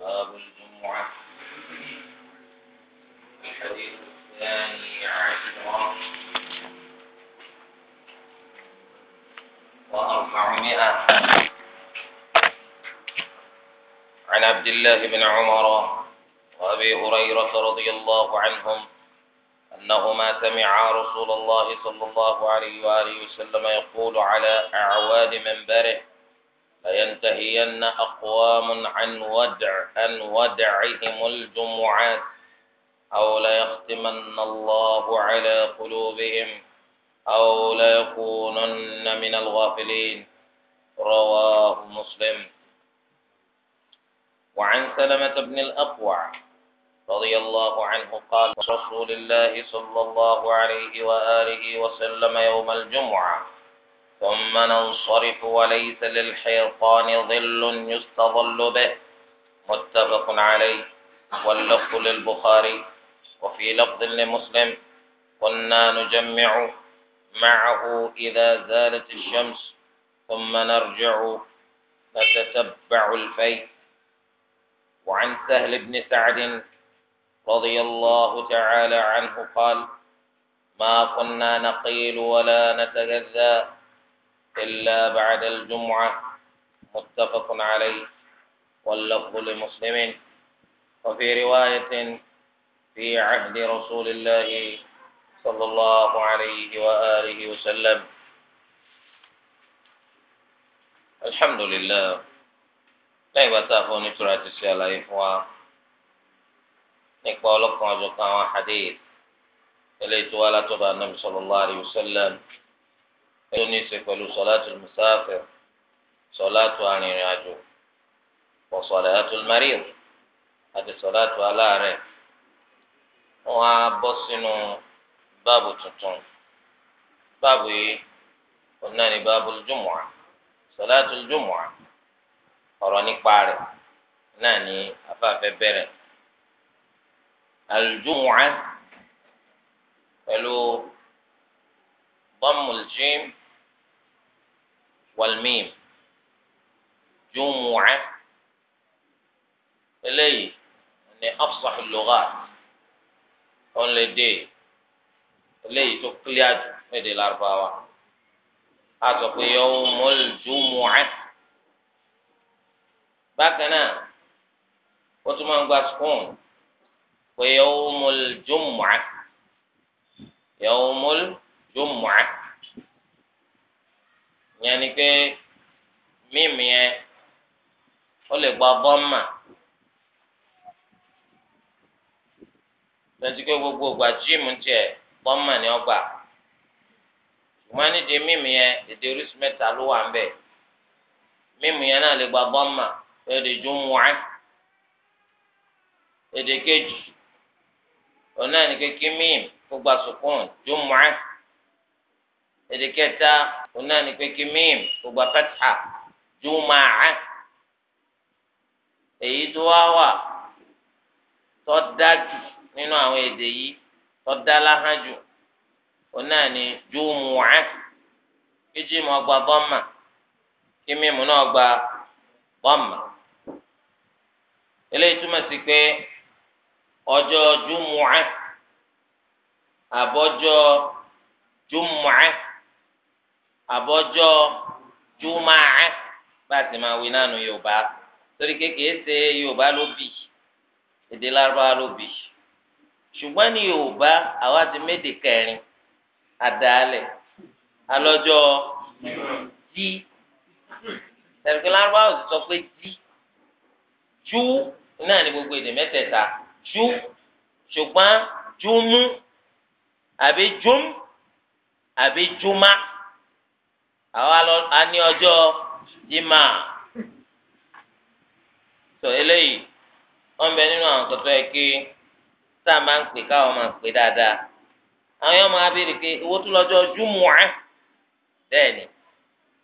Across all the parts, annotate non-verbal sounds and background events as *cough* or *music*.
باب الجمعة الحديث الثاني عشر وأربعمائة عن عبد الله بن عمر وأبي هريرة رضي الله عنهم أنهما سمعا رسول الله صلى الله عليه وآله وسلم يقول على أعواد منبره لينتهين أقوام عن ودع عن ودعهم الجمعات أو ليختمن الله على قلوبهم أو ليكونن من الغافلين رواه مسلم وعن سلمة بن الأقوع رضي الله عنه قال رسول الله صلى الله عليه وآله وسلم يوم الجمعة ثم ننصرف وليس للحيطان ظل يستظل به متفق عليه واللفظ للبخاري وفي لفظ لمسلم قلنا نجمع معه إذا زالت الشمس ثم نرجع نتتبع الفي وعن سهل بن سعد رضي الله تعالى عنه قال ما كنا نقيل ولا نتغذى إلا بعد الجمعة متفق عليه واللفظ لمسلم وفي رواية في عهد رسول الله صلى الله عليه وآله وسلم الحمد لله لا يبتعفوا نترات السيالة إفوا نقبل لكم أجوكا حديث إليت ولا تبع النبي صلى الله عليه وسلم تونس ولو صلاة المسافر صلاة عن الرجل wasalatul marid àti sọ̀látù aláàárẹ̀ wọ́n á bọ́ sínú báàbù tuntun báàbù yìí òun náà ní báàbù jùmùà sọ̀látù jùmùà ọ̀rọ̀ nípa rẹ̀ náà ní afáfẹ́ bẹ̀rẹ̀ aljùmùà pẹ̀lú bọ́mùljíìm wàlmíìm jùmùà eléyìí ní afsahul lughat ọ̀nlẹ̀dẹ̀ eléyìí tó kílíà jù méde lárúbáwá a sọ pé yawmul jumu'ah bákan náà wọ́n tún máa ń gba spoon pé yawmul jumu'ah yawmul jumu'ah yẹn ni pé mímu yẹn lè gba bọ́mà. lọ́sí pé gbogbo ògbà jíìmù tiẹ̀ bọ́mà ni ọgbà ṣùgbọ́n nídìí mímu yẹn èdè orísun mẹ́ta ló wà ń bẹ̀ mímu yẹn náà lè gba bọ́mà èdè jùmùá èdè kejì ọ̀nà ní kékè mímu kó gba sùkún jùmùá èdè kẹta ọ̀nà ní kékè mímu kó gba fatha jùmùá èyí tó wá wà tó dájú nínú àwọn èdè yìí tọ́da láhán jù òun náà ni jùmùá kí jíìmù ọgbà bọ́mà kí mímu náà gba bọ́mà eléyìí túmọ̀ sí pé ọjọ́ jùmùá àbọ̀jọ́ jùmùá àbọ̀jọ́ jùmùá bá a ti máa wí náà Yorùbá torí kékeré ṣe Yorùbá ló bì èdè Lárúbáwá ló bì ṣùgbọ́n ní Yorùbá àwa ti méde kẹrin àdáálẹ̀ alọ́jọ́ jí tẹ̀síkìlá arúgbáwò ti sọ pé jí jú náà ní gbogbo èdè mẹ́tẹ̀ẹ̀ta jú ṣùgbọ́n júmú àbí júm àbí júmá àwa lọ a ní ọjọ́ jímà sọ eléyìí wọ́n bẹ nínú àwọn kòtò ẹ̀ tá a máa ń pè káwọn máa pè dáadáa àwọn yóò máa béèrè pé owó tó lọ́jọ́ júmùá bẹ́ẹ̀ ni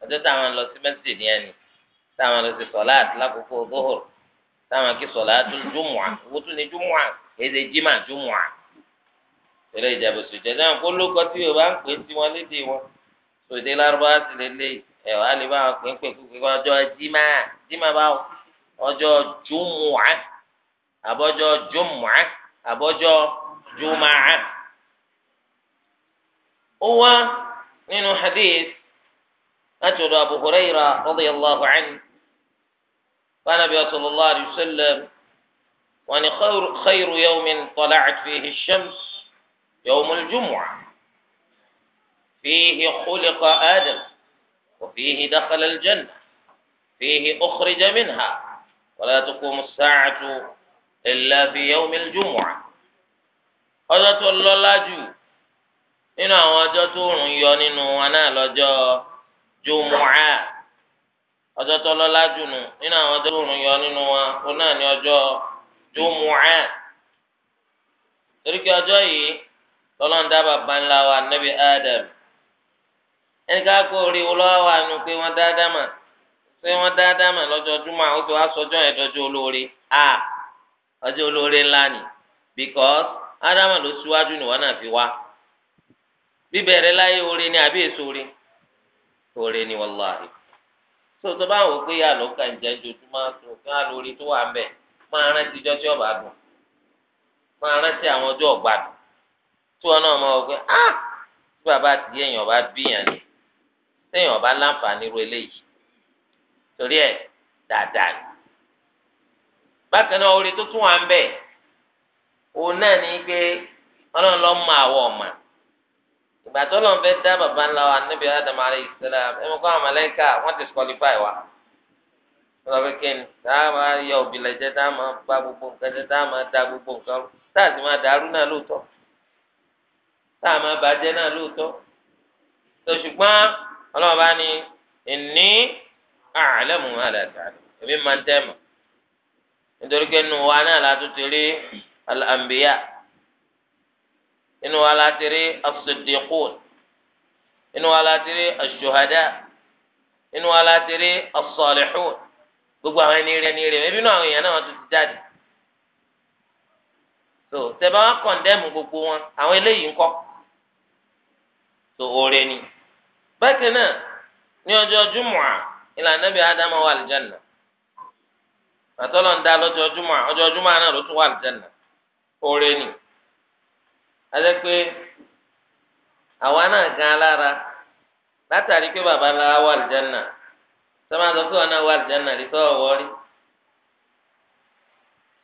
ọjọ́ táwọn lọ sí mẹ́sìlì ní ẹni táwọn lọ sí sọ̀láàtì lákòókò bóhùr táwọn kí sọ̀láàtì júmùá owó tó ní júmùá èdè jimá júmùá tẹ̀lé ìjàbọ̀ sòjà náà kó lóko tí yorùbá ń pè sí wọn lédè wọn sòdè lárúbáwá sì lélẹ̀ ẹ̀ wá lè bá wọn pè ń pè kúkú ọjọ́ jimá jimá àbọ́jọ́ jumaa ó wá nínú hadith láti ọ̀dọ̀ Abu huraira Hurayra radiyallahu anhu fanabi sallallahu alayhi wa sallam wọ́n ní khayru yawmin tala'at fihi shams yawmul jumu'ah fihi khuliqa adam وفيه دخل الجنة فيه أخرج منها wala tukumu saacu. illa fi yawmil jumu'a ọjọ́ tó jù nínú àwọn ọjọ́ tó rùn yọ nínú ọjọ́ tó jù nù nínú àwọn ọjọ́ tó rùn yọ nínú wa náà ní ọjọ́ jumu'a torí kí ọjọ́ yìí ńlá wa nabi adam ẹni ká kó orí olówó àánú pé wọ́n mà pé wọ́n ọjọ́ olóore ńlá ni because ádámà ló síwájú nìwọ́n náà fi wá bíbẹ̀rẹ̀ láyé oore ni àbí èso oore oore ni wàláhì tó tó bá wò pé yà ló ka ǹjẹ́ jojúmọ́ tó kí wọ́n á lórí tó wà ń bẹ̀ máa rántí ijọ́ tí ọba dùn máa rántí àwọn ọjọ́ ọ̀gbà dùn tí wọn náà máa wò pé ah tí bàbá àti èèyàn bá bíyàn ni téèyàn bá láǹfààní ru eléyìí torí ẹ̀ dáadáa ni. bákan náà orí tó tún wà ń bẹ òun náà ní pé ọlọ́run ló mọ àwọ̀ ọ̀mà ìgbà tó lọ́n fẹ́ dá bàbá ńlá wa níbi Adam alayhi salam ẹ̀mí wa lọ́wọ́ pé kí ni táà yọ òbílẹ̀ jẹ́ táà gba gbogbo nǹkan jẹ́ táà da gbogbo nǹkan rú máa dàrú náà lóòótọ́ táà bàjẹ́ náà lóòótọ́ tó ṣùgbọ́n ọlọ́run bá ní èmi máa nítorí pé nínú wa náà la tún ti rí al-anbiya nínú wa la ti rí as-siddiqun nínú wa la ti rí ash-shuhada nínú wa la ti rí as-salihun gbogbo àwọn ẹni rẹ ẹni rẹ ẹbí náà àwọn èèyàn náà tún ti jáde so tẹ̀bá wọn kọ̀ndẹ́mù gbogbo wọn àwọn eléyìí ń kọ́ so oore ni bákan náà ní ọjọ́ júmùà ìlànà bí ádámù wà lìjánà àtọ́lọ̀ ń dá lọ́jọ́júmọ́ ọjọ́júmọ́ náà ló tún wà lùjẹ́nà oore ni adé pé àwa náà gan alára látàrí pé baba ńlá wà lùjẹ́nà sọ́mà sọ pé wọn náà wà lùjẹ́nà rí tọ́ ọ̀wọ́ rí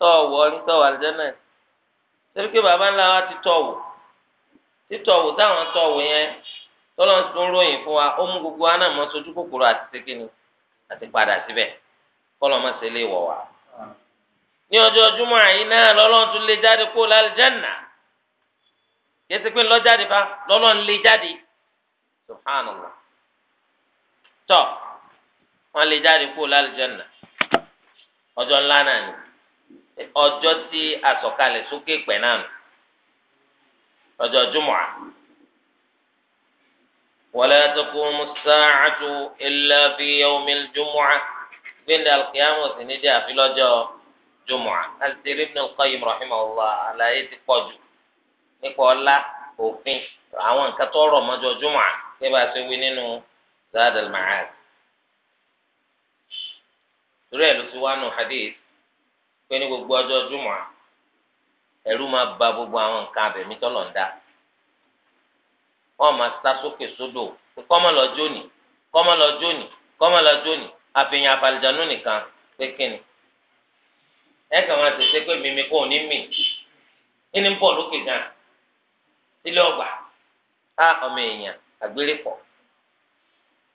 tọ́ ọ̀wọ́ rí tọ́ wà lùjẹ́nà rí sẹ́bi pé baba ńlá wa ti tọ̀ wò títọ̀ wò táwọn tọ̀ wò yẹn tọ́lọ́ ń ròyìn fún wa ó mú gbogbo wa náà mọ́ sojú kòkòrò àti ṣe kíni àti padà síbẹ̀ kọlọ ma ṣe lè wọ wa ní ọjọ́ júmọ àyín náà lọ́lọ́run tún lè jáde kó láljanna yẹsẹ pé lọ jáde bá lọ́lọ́run lè jáde subhanallah tọ wọn lè jáde kó láljanna ọjọ́ ńlá náà ni ọjọ́ tí àsọ̀kalẹ̀ sókè pẹ náà nù ọjọ́ júmọ à. ولا تقوم الساعة إلا في يوم الجمعة gbẹndé alkiyamu sì ní jẹ àfi lọ́jọ́ jumu'a alìsèrè ibn al-qayyim rahimahullah àlàyé ti pọ̀jù nípa ọlá òfin àwọn nǹkan tó rọ̀ mọ́jọ jumu'a kí bá a ṣe wí nínú zad al-ma'ad torí ẹ̀ ló ti wá nù hadith pé ní gbogbo ọjọ́ jumu'a ẹ̀rù máa ba gbogbo àwọn nǹkan abẹ̀mí tọ́lọ̀ ń dá wọ́n máa sá sókè sódò kọ́mọ lọ jóni àfihàn àfàlìjànú nìkan pé kíni ẹ kàn máa tètè pé mímí kò ní mì kí ni ń bọ̀ lókè gan ilé ọgbà á ọmọ èèyàn àgbélépọ̀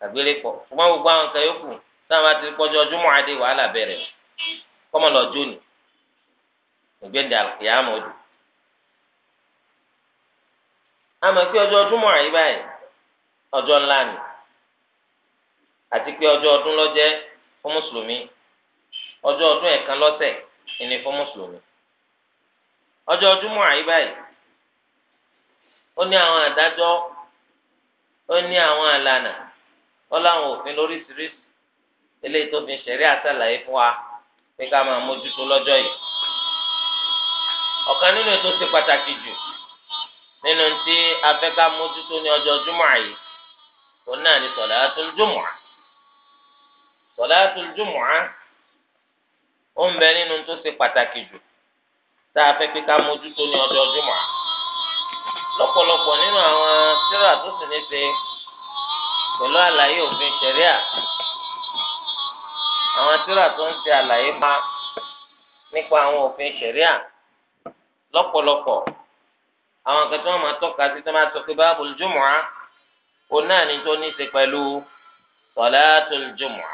àgbélépọ̀ ṣùgbọ́n gbogbo àwọn kan yókù táwọn bá ti pọ́jọ́ ọdúnmọ́ adé wàhálà bẹ̀rẹ̀ kọ́mọ lọ jóni ìgbéǹde àkìyàmọ̀ odò ọjọ́ ọdúnmọ́ àyíbáyé ọjọ́ ńlá ni. àti pé ọjọ́ ọdún lọ jẹ́ fún mùsùlùmí ọjọ́ ọdún ẹ̀kan lọ́sẹ̀ ni fún mùsùlùmí ọjọ́ ọdúnmọ̀ àyíbáyìí ó ní àwọn àdájọ́ ó ní àwọn àlànà ó láwọn òfin lóríṣiríṣi eléyìí tó fi ṣẹ̀rí àtàlàyé fún wa pé ká máa mójútó lọ́jọ́ yìí ọ̀kan nínú ètò ti pàtàkì jù nínú tí a fẹ́ ká mójútó ní ọjọ́ òun náà sọláàtúl jùmùá ó ń bẹ nínú tó ṣe pàtàkì jù tá a fẹ́ pé ká mójútó ní ọjọ́ jùmùá lọ́pọ̀lọpọ̀ nínú àwọn tírà tó sì ní ṣe pẹ̀lú àlàyé òfin ṣẹ̀ríà àwọn tírà tó ń ṣe àlàyé pa nípa àwọn òfin ṣẹ̀ríà lọ́pọ̀lọpọ̀ àwọn kan tí wọ́n máa tọ́ka sí tí wọ́n máa sọ pé báàbùl jùmùá òun náà ní tó ní ṣe pẹ̀lú sọláàtúl jùmùá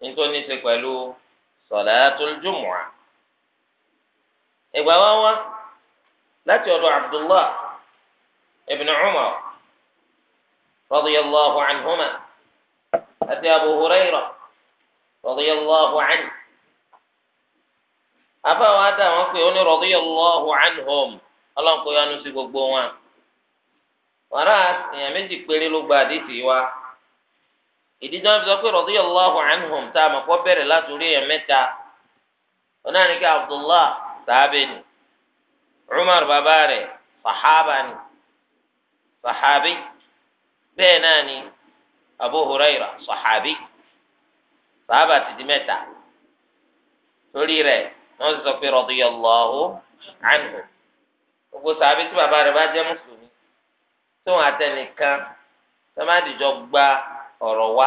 nítorí ní í ṣe pẹ̀lú salatul jumu'a. ìgbà wá wá láti ọ̀dọ̀ abdullah ibn umar radiyallahu anhuma àti abu huraira radiyallahu anhu. àbáwọ̀ adá wọn pé ó ní radiyallahu anhum ọlọ́nkọ́ yanu sí gbogbo wọn. wàrà èèyàn péré ló gba àdìsí wa ìdí tí wọn fi sọ pé radiyallahu anhum tá a mọ̀ kọ́ bẹ̀rẹ̀ láti orí èèyàn mẹ́ta onáà ní kí abdullah sàábẹ̀ ni umar bàbá rẹ̀ sàhábà ni sàhábì bẹ́ẹ̀ náà ni abu huraira sàhábì sàhábà ti di mẹ́ta torí rẹ̀ wọn sọ pé radiyallahu anhum gbogbo sàábì tí bàbá rẹ̀ bá jẹ́ mùsùlùmí tóun àtẹnìkan sọ́mádìjọ gba. ọ̀rọ̀ wa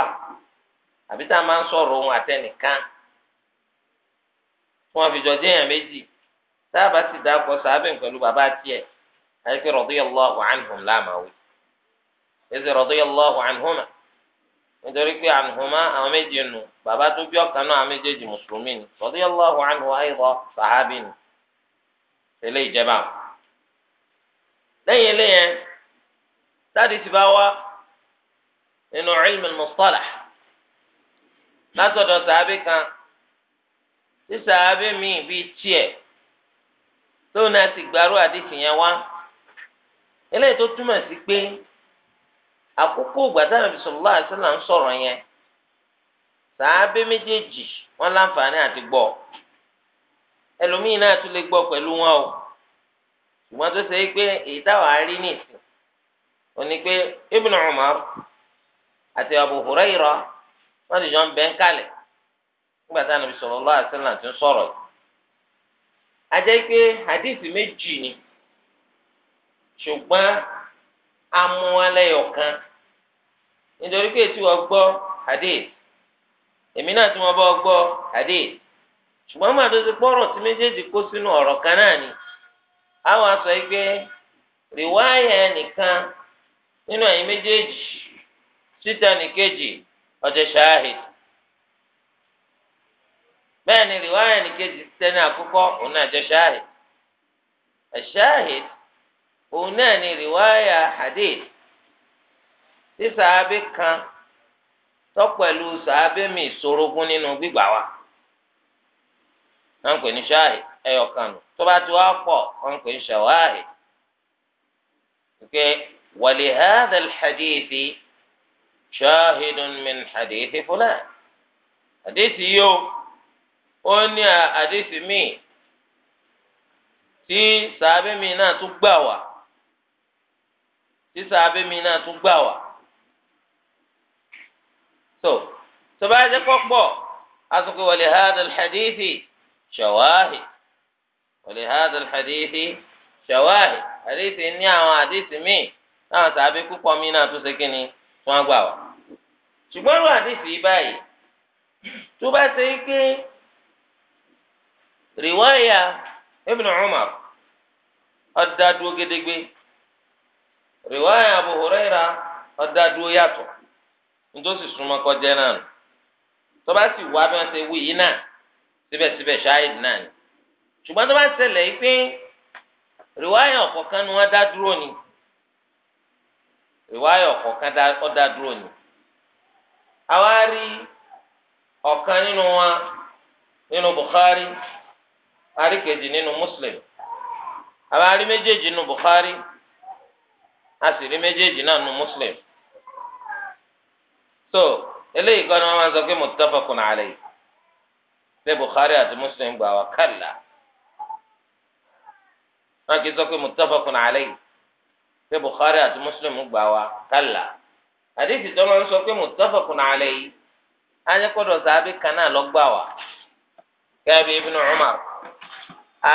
àbí tá a máa ń sọ̀rọ̀ ohun àtẹnìkan fún àfijọ́ jẹ́yàn méjì tá a bá sì dákọ̀ sábẹ̀ pẹ̀lú bàbá tiẹ̀ àyẹ̀kẹ́ radiyallahu anhum láàmáwí ẹsẹ̀ radiyallahu anhuma nítorí pé anhuma àwọn méjì nù bàbá tó bí ọ̀kan náà àwọn méjèèjì mùsùlùmí ni radiyallahu anhu ayọ̀ sàhábì ni eléyìí jẹ́ lẹ́yìn eléyẹn táàdì ti bá wá. nínú ilmi mustalah látọ̀dọ̀ sàábì kan tí sàábì míì bíi tiẹ̀ tóun náà ti gbàrú àdìsí yẹn wá eléyìí tó túmọ̀ sí pé àkókò gbàtàmì bisalòlá àṣìlá ń sọ̀rọ̀ yẹn sàábì méjèèjì wọn láǹfààní àti gbọ́ ẹlòmíì náà tún lè gbọ́ pẹ̀lú wọn o ṣùgbọ́n tó ṣe é pé èyí nìsín òní pé Ibn àti Abu Hurairah wọ́n ti jọ ń bẹ́ ń kalẹ̀ nígbà tí Ànábì sallallahu alaihi wasallam ti ń yìí. pé hadith méjì ni ṣùgbọ́n amúhalẹ́yọ̀kan nítorí pé tí wọ́n gbọ́ hadith èmi náà tí wọ́n bá gbọ́ hadith ṣùgbọ́n màá tó ti pọ̀rọ̀ tí méjèèjì kó sínú ọ̀rọ̀ kan náà ni àwọn aṣọ yìí pé títẹnì kejì ọjọ ṣáàhì bẹ́ẹ̀ ni riwaya ní kejì títẹnì àkọ́kọ́ òun náà jẹ ṣáàhì ṣáàhì òun náà ni hadith tí sàábì kan sàábì mi nínú gbígbà wa pè ní ẹyọ tó bá ti wá hadithi. شاهد من حديث فلان حديث يو أني حديث مي tí sàábẹ́ mi náà tún gbà wá tí sàábẹ́ mi náà tún gbà wá. tó tọ́ba ẹ̀jẹ̀ kọ́ pọ̀ asọ́kè wọlé hadal hadithi ṣàwáhì wọlé hadal hadithi ṣàwáhì hadithi ní àwọn hadithi míì náà sàábẹ́ púpọ̀ mi náà tún ṣe kínní. wọ́n á gbà ṣùgbọ́n ló àdìsí báyìí tó bá ṣe é pé rìwáyà Ibn Umar ọ̀dàdúró gédégbé rìwáyà Abu Huraira ọ̀dàdúró yàtọ̀ nítòsí súnmọ́ kọjá náà nù tó bá sì wá bí wọ́n ṣe wí yìí náà síbẹ̀síbẹ̀ ṣááyìd náà ni ṣùgbọ́n tó bá ṣẹlẹ̀ pé rìwáyà ọ̀kọ̀ọ̀kan ni wọ́n dá dúró ìwáyọ̀ kọ̀ọ̀kan ọ̀dà dúró ni. àwa rí ọ̀kan nínú wa nínú Bukhari àríkejì nínú Muslim àwa rí méjèèjì nínú Bukhari a sì rí méjèèjì náà nínú Muslim. so eléyìí kan ni wọn máa ń sọ pé muttafaqun alayhi ṣé Bukhari àti Muslim gbà wá kàlà wọn kì í sọ pé muttafaqun alayhi ṣé Bukhari àti Muslim gbà wá kálá àdéhìí tó máa ń sọ pé muttafaqun alayhi ayẹ́kọ̀dọ̀ sàbí kan náà lọ gbà wá kẹ́bi Ibn Umar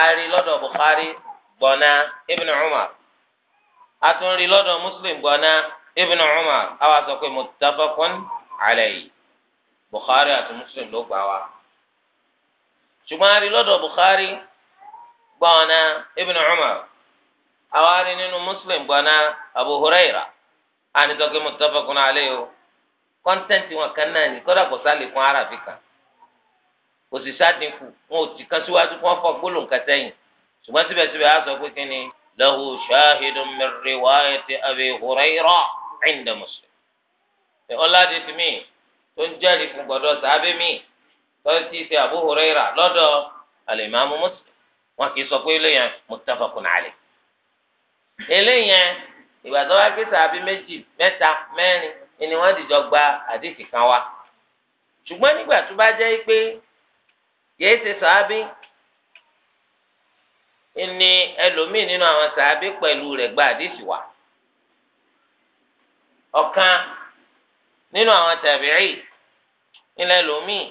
ari lọ́dọ̀ Bukhari gbọ̀nà Ibn Umar atunri lọ́dọ̀ Muslim gbọ̀nà Ibn Umar àwa sọ pé muttafaqun alayhi Bukhari àti Muslim ló gbà wá ṣùgbọ́n ari lọ́dọ̀ Bukhari gbọ̀nà Ibn Umar. àwọn ninu muslim gbọ́ná Abu Huraira ànitọ́kẹ́ ni alayhi o kọ́ńtẹ́ǹtì wọn kan náà ní kọ́dà kò sálẹ̀ fún aráàfin kan kò sì sádínkù wọn ò ti kan síwájú kí wọ́n fọ́ gbólóhùn kan sẹ́yìn ṣùgbọ́n síbẹ̀síbẹ̀ á sọ pé kí ni lahu Abi Huraira inda Muslim. ọ̀làdì ti mí tó ń jẹ́rìí fún gbọ́dọ̀ sábẹ́ mí tọ́sí ti Abu Huraira lọ́dọ̀ Muslim wọn kì í sọ pé lóyún alayhi. eléyẹn ìgbà tó wá pé sàbí méjì mẹta mẹ́rin ni dìjọ gba àdìsí kan wa. ṣùgbọ́n nígbà tó bá jẹ́ pé kìí ṣe sàbí ni ẹlòmíì nínú àwọn sàbí pẹ̀lú rẹ̀ gba àdìsí ọ̀kan nínú àwọn ilẹ̀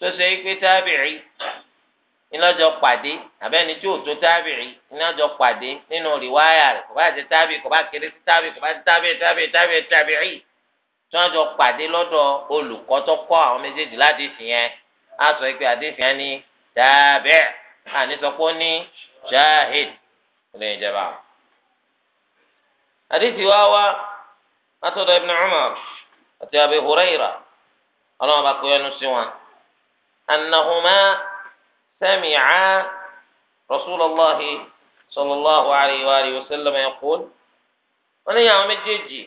tó ṣe é pé tábìrì ìlọ́jọ pàdé àbẹ́ni tí ò tó tábìrì ìlọ́jọ pàdé nínú rìwáyà rẹ̀ kò bá ti tábìrì kò bá kéré sí tábìrì kò bá ti tábìrì tábìrì tábìrì tábìrì tí wọ́n jọ pàdé lọ́dọ̀ olùkọ́ tó kọ́ àwọn méjèèjì ládìsí yẹn á sọ pé àdìsí yẹn ní tábìrì àní sọ pé ní ìjọba. àdìsí wa wá látọ̀dọ̀ Ibn Umar àti Abi Hurairah ọlọ́run bá yẹnu sí wọn. أنهما سمعا رسول الله صلى الله عليه وآله وسلم يقول wọ́n ní àwọn méjèèjì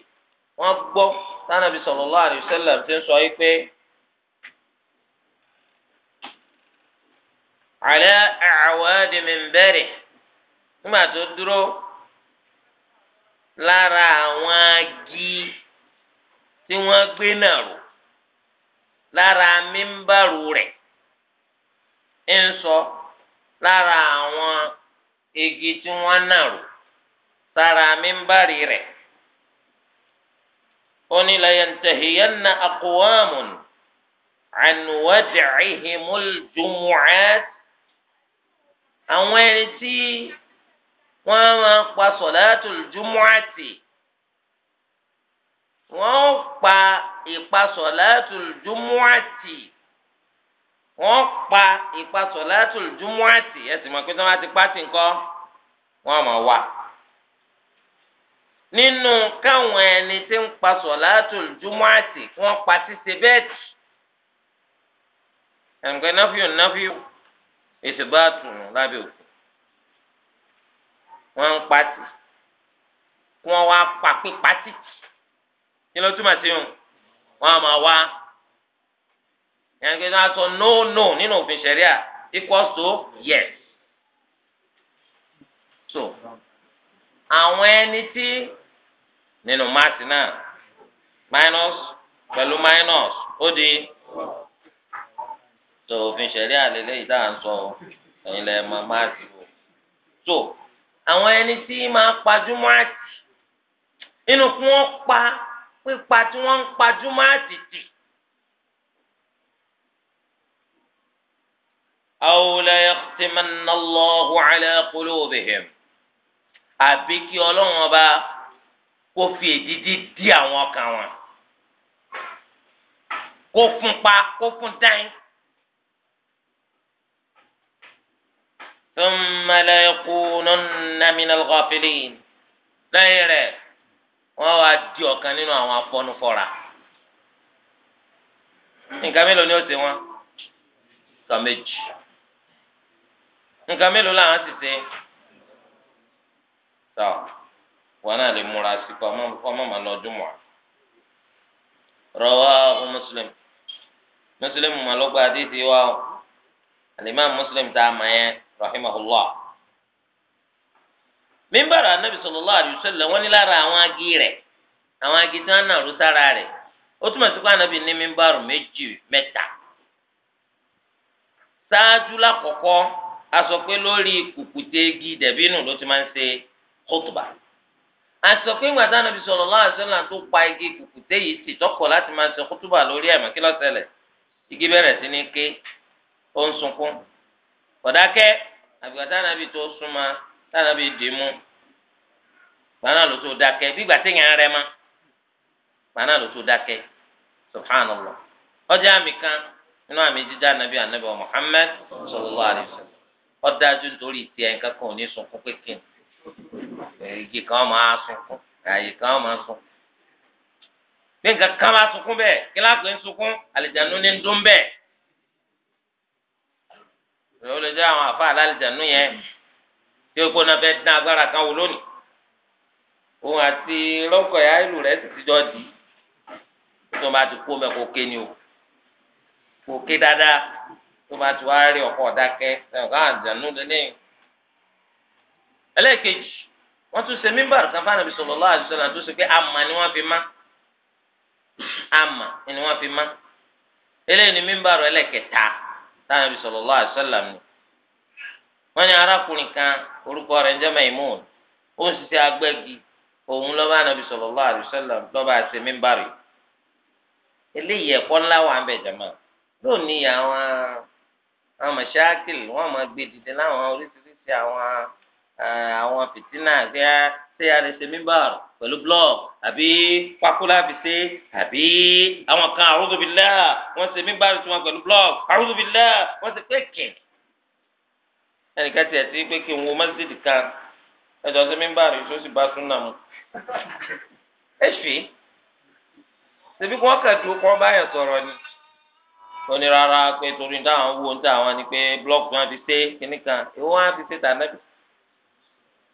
wọ́n gbọ́ sanabi sallallahu alaihi ti ń sọ yìí pé ala a'wadi minbari nígbà tó dúró lára àwọn agi tí wọ́n gbé náà rò lára mímbàrú rẹ̀. ń sọ lára àwọn igi tí wọ́n nàró sára mímbàrí rẹ̀ ó ní layantahiyanna aqwamun an wad'ihimul jumu'at àwọn ẹni tí wọ́n máa pa sọ̀láàtùl wọ́n pa ìpa wọ́n pa ìpa sọ̀látùl jumu'ati ẹ̀sìn mọ̀ pé tí wọ́n bá ti pa ti nǹkan wọ́n mọ̀ wá. nínú káwọn ẹni tí ń pa sọ̀látùl jumu'ati wọ́n pa ṣíṣe bẹ́ẹ̀ tì. ẹnìkan náfíù náfíù ètò bá tún lábẹ́ òkú. wọ́n ń pa tì kí wọ́n wá pa pípa títì kí ló túmọ̀ sí wọn wọ́n mọ̀ wá yẹn kí wọn sọ no no nínú òfin ṣẹ̀ríà equals to yes so àwọn ẹni tí nínú máàtì náà minus pẹ̀lú minus ó di so òfin ṣẹ̀ríà lélẹ́yìí tá à ń sọ ẹ̀yin lẹ́ẹ̀ mọ máàtì o so àwọn ẹni tí máa pajúmọ́ àti inú kí wọ́n pa pípa tí wọ́n ń pajúmọ́ àti tì. أو ليختمن الله على قلوبهم àbí kí ọlọ́run ọba kó fi èdìdí dí àwọn ọkàn wọn kó fún pa kó fún dáín. ثم ليكونن من الغافلين lẹ́yìn rẹ̀ wọ́n wá di ọ̀kan nínú àwọn afọ́nufọ́ra nǹkan mélòó ni ó ti wọ́n sọ méjì nǹkan mélòó làwọn ti ṣe tọ wọn náà lè múra sí kọ ọmọ màá lọ jùmọ rawahu Muslim Muslim mà ló gba àdéhìí wa o al-Imam Muslim tá a mọ yẹn rahimahullah mímbàrà anabi sallallahu alaihi wasallam wọn ní lára àwọn agi rẹ̀ àwọn agi tí wọn náà rú sára rẹ̀ ó túmọ̀ sí pé anabi ní mímbàrù méjì mẹ́ta ṣáájú lákọ̀ọ́kọ́ a sọ pé lórí kùkùté igi dẹ̀bínú ló ti máa ń ṣe kótóbà a sọ pé ìgbà táwọn Ànábì sallallahu alaihi wasallam tó pa igi kùkùté yìí tì tọkọ láti máa ṣe kótóbà lórí àmọ́ kí ló ṣẹlẹ̀ igi bẹ̀rẹ̀ sí ní ké ó ń sunkún kọ̀dákẹ́ àgbà táwọn Ànábì tó súnmọ́ táwọn Ànábì dì gbaná ló tó dákẹ́ bí ìgbà téèyàn rẹ mọ́ gbaná ló tó dákẹ́ subhanallah ọjà àmì kan nínú àmì jíjà nàbí ànábì Muhammad sallallahu alaihi wasallam ọdájú nítorí tí ẹ̀ nǹkan kan ò ní sunkún pékin igi kan máa sunkún ààyè kan máa sunkún bí nǹkan kan máa sunkún bẹ́ẹ̀ kí lápè ń sunkún àlìjánu ní ń dún bẹ́ẹ̀ ó lè jẹ́ àwọn àfa àlàlìjánu yẹn tí ó gbóná fẹ́ dín agbára kan wò lónìí òun àti rọ́kọ̀ ìlú rẹ̀ ti jọ dì í tó máa ti kó mẹ́kọ̀ọ́ ni o kò ké dáadáa. tó bá ọkọ wá rí ọkọ ọ̀dákẹ́ ẹ̀ka àjànú lélẹ́yìn. ẹlẹ́ẹ̀kejì wọ́n tún ṣe mímbà sanfà nàbì sallallahu alaihi wasallam tó ṣe pé àmà ni wọ́n fi má àmà ni wọ́n fi má eléyìí ni mímbà rẹ̀ ẹlẹ́kẹta táwọn nàbì sallallahu ni. wọ́n ní arákùnrin kan orúkọ àwọn mọ̀ṣáàkìlì wọ́n mọ̀ gbé dìde láwọn oríṣiríṣi àwọn àwọn fìtínà bí a ṣe a lè ṣe mímbà pẹ̀lú blọọ̀kì àbí pákúlà fi ṣe àbí àwọn kan a'udhu billah wọ́n ṣe mímbà tí wọ́n pẹ̀lú blọọ̀kì a'udhu billah wọ́n ṣe pékè. ẹnìkan tiẹ̀ ti pé kí n wo mọ́sídìí kan ẹ̀jọ̀ ṣe mímbà rẹ̀ tó sì bá súnà mu. ẹ ṣì ṣe bí wọ́n kà dúró kọ́ báyọ̀ sọ̀rọ̀ ni tóní rárá pé torí táwọn wo ń tà wọn ni pé blọọkì wọn fi ṣe kíní kan èwo wọn fi ṣe tànàbí.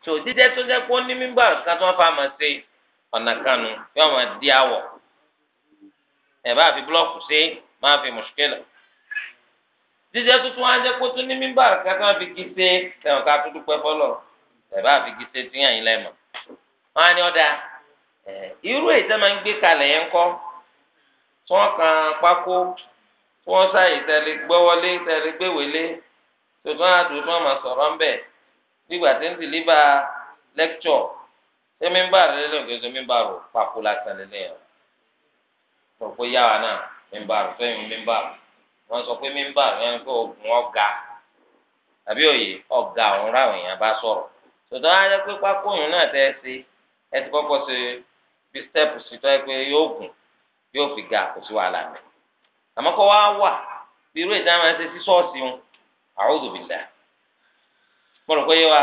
tó jíjẹ tó jẹ kó ní mímbà kan tó wọn fa máa ṣe ọ̀nà kanu yóò máa di àwọ̀ ẹ̀ bá fi blọọkì ṣe máa fi mùṣkílà jíjẹ tuntun wa jẹ kó tún ní mímbà kan tó wọn fi kí ṣe ẹ̀wọ̀n ká tó dúpẹ́ fọlọ́ ẹ̀ bá fi kí ṣe tíyàn yín lẹ́mọ̀ wọn á ní ọ̀dà irú èyí tẹ́ máa ń gbé kalẹ̀ yẹn kọ́ tí wọ́n kan pákó fọ́ọ́sà ìtẹ̀lẹ̀ gbọ́wọ́lé ìtẹ̀lẹ̀ gbéwèlé ṣùgbọ́n àdùnnú ọmọ sọ̀rọ̀ ńbẹ̀ nígbà tí ń dìlíbà lẹ́kítọ̀ ṣé mímbà lélẹ̀ òkèèṣe mímbà rò papò lásán lélẹ̀ yẹn rò pé yáwa náà mímbà rò fẹ́mi mímbà rò wọ́n sọ pé mímbà rò yẹn pé oògùn ọ̀gá àbí òye ọ̀gá àwọn ráwọn èèyàn bá sọ̀rọ̀ ṣùgbọ́n á yẹ pé pákó òyìn náà tẹ́ ẹ ṣe ẹ ti kọ́kọ́ ṣe bí stẹ́pù sí tọ́ ẹ pé yóò gùn yóò fi ga kò sí wàhálà mi àmọ́ kọ́ wá wà bí irú ìdáná máa ń ṣe sí ṣọ́ọ̀ṣì ń a'udhu billah mo wa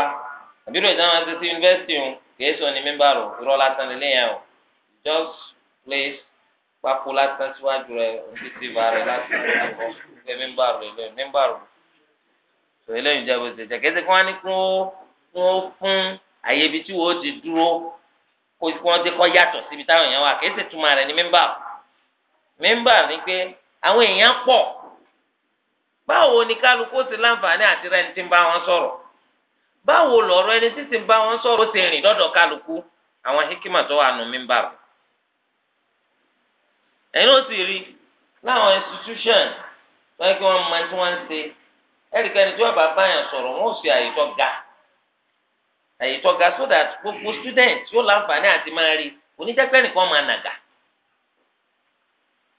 àbí irú ìdáná máa ń ṣe sí yunifásitì ń kìí sọ ní mímbà rò irọ́ o just place pákó lásán síwájú rẹ títí ba rẹ lásán lè mímbà rò lè mímbà rò sọ eléyìí jẹ́ bó ṣe jẹ́ kẹ́sẹ́ kí wọ́n á ní kí fún àyè ibi ti dúró kó wọ́n ti kọ́ yàtọ̀ síbi táwọn èèyàn wà kẹ́sẹ́ túmọ̀ rẹ̀ ní mímbà mímbà ní pé àwọn èèyàn pọ̀ báwo ni kálukú ti láǹfààní àti rẹni tí ń bá wọn sọ̀rọ̀ báwo lọ̀rọ̀ ẹni tí ti ń bá wọn sọ̀rọ̀ ti rìn dọ̀dọ̀ kálukú àwọn hikima tó wà nù mímbà rẹ ẹ̀yin ó sì rí láwọn institution wọn kí wọn máa tí wọn ń ṣe ẹnìkan ẹni tí wọn bá báyàn sọ̀rọ̀ wọn ò sì àyè ga àyè ga so that gbogbo student yóò láǹfààní àti máa rí oníjẹpẹ nìkan máa nàgà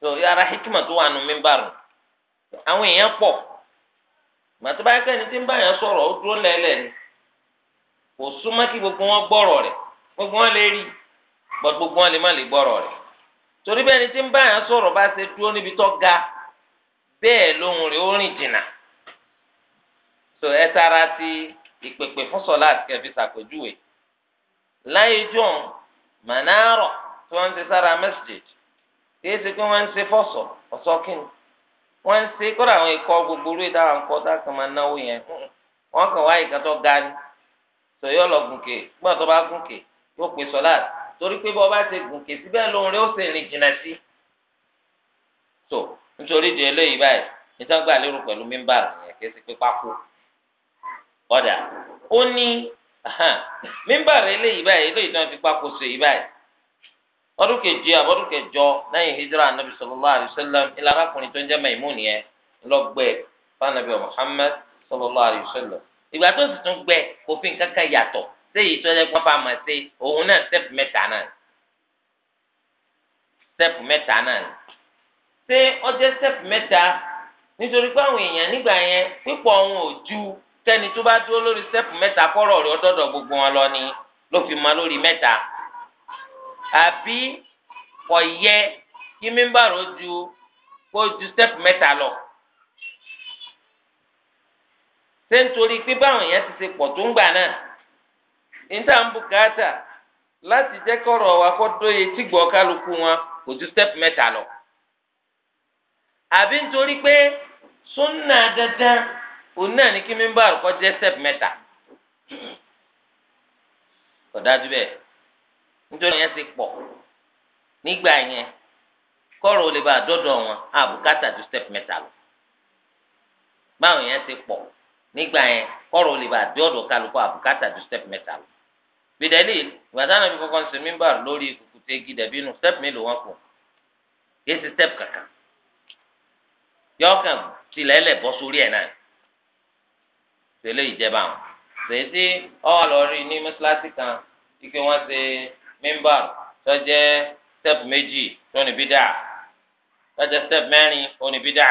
So, yàrá hikima tó wà nù mímbàrún àwọn èèyàn pọ̀ màtí báyìí kẹ́ni tí ń bá yẹn sọ̀rọ̀ ó dúró lẹ́lẹ̀ ni kò súnmọ́ kí gbogbo wọn gbọ́rọ̀ rẹ̀ gbogbo wọn lè rí bọ́t gbogbo wọn lè má lè gbọ́rọ̀ rẹ̀ torí bẹ́ẹ̀ ni tí ń bá yẹn sọ̀rọ̀ bá ṣe dúró níbi tó ga bẹ́ẹ̀ lóhùn rẹ̀ ó rìn jìnnà tó ẹ tara ti ìpèpè fún sọlá àti kẹfì ṣàpèjúwe láyé john manaro tí wọ́n ń sára mẹ́sàgèjì kìí ṣe pé wọ́n ń ṣe fọ́sọ̀ ọ̀sọ́ kínní wọ́n ń ṣe kódà àwọn ikọ̀ gbogbo orí ìdára ńkọ́ tá a kàn máa náwó yẹn wọ́n kàn wá ìkàtọ́ ga ni sọ̀yọ́ lọ gùnkè gbọ́dọ̀ tó bá gùnkè yóò pè sọ́lá torí pé bọ́ọ̀ bá ṣe gùnkè síbẹ̀ lóhùn rẹ̀ ó sì rìn jìnnà sí. tó nítorí di eléyìí báyìí nítorí gbà lérò pẹ̀lú mímbà yẹn kìí ṣe pé pákó ọ̀dà ó ní mímbà rẹ̀ eléyìí báyìí eléyìí tó ń fi pákó ṣe yìí báyìí ọdún keje àbọ̀dún kẹjọ lẹ́yìn hijira anabi sallallahu alayhi wa sallam ilé arákùnrin tó ń jẹ́ Maimun yẹn lọ́gbẹ́ fanabi Muhammad sallallahu alayhi wa sallam ìgbà tó sì tún gbẹ òfin kankan yàtọ̀ séyìí tó yẹ kó bá máa ṣe òun náà step mẹ́ta náà step mẹ́ta náà ṣé ọjọ́ step mẹ́ta nítorí pé àwọn èèyàn nígbà yẹn pípọ̀ ohun ò ju tẹ́ni tó bá dúró lórí step mẹ́ta kọ́rọ̀ rẹ̀ ọdọ́dọ̀ gbogbo wọn lọ ni ló fi máa lórí mẹ́ta àbí kò yẹ kí mímbàrò ju kó ju step mẹ́ta lọ ṣé nítorí pé báwọn èèyàn ti ṣe pọ̀ tó ń gbà náà níta ń bùkátà láti jẹ́ kọ́rọ̀ wa kó dóye tí gbọ́ kálukú wọn kò ju step mẹ́ta lọ àbí nítorí pé súnà dandan òun náà ní kí mímbàrò kó jẹ́ step mẹ́ta kò bẹ́ẹ̀ nítorí yẹn ti pọ̀ nígbà yẹn kọ́rọ̀ olè bá dọ́dọ̀ wọn àbùkátà ju step mẹ́ta lọ báwọn yẹn ti pọ̀ nígbà yẹn kọ́rọ̀ olè bá dọ́dọ̀ kálukọ́ àbùkátà ju step mẹ́ta lọ bìdẹ́lì ìgbàdàn àbí kọ́kọ́ ń sinmi bá lórí kùkùté gidẹ̀bí nù step mélòó wọn kù yé ti step kankan yọ̀ọ̀kan tilẹ̀ lẹ̀ bọ́ sórí ẹ̀ náà tẹ́lẹ̀ ìjẹba wọn tẹ̀sí ọ̀ lọ rí ní mọ́ṣáláṣí kan kíkẹ́ wọ́n ṣe mímbà tọjẹ step méjì tó ní bídà tọjẹ step mẹ́rin ó ní bídà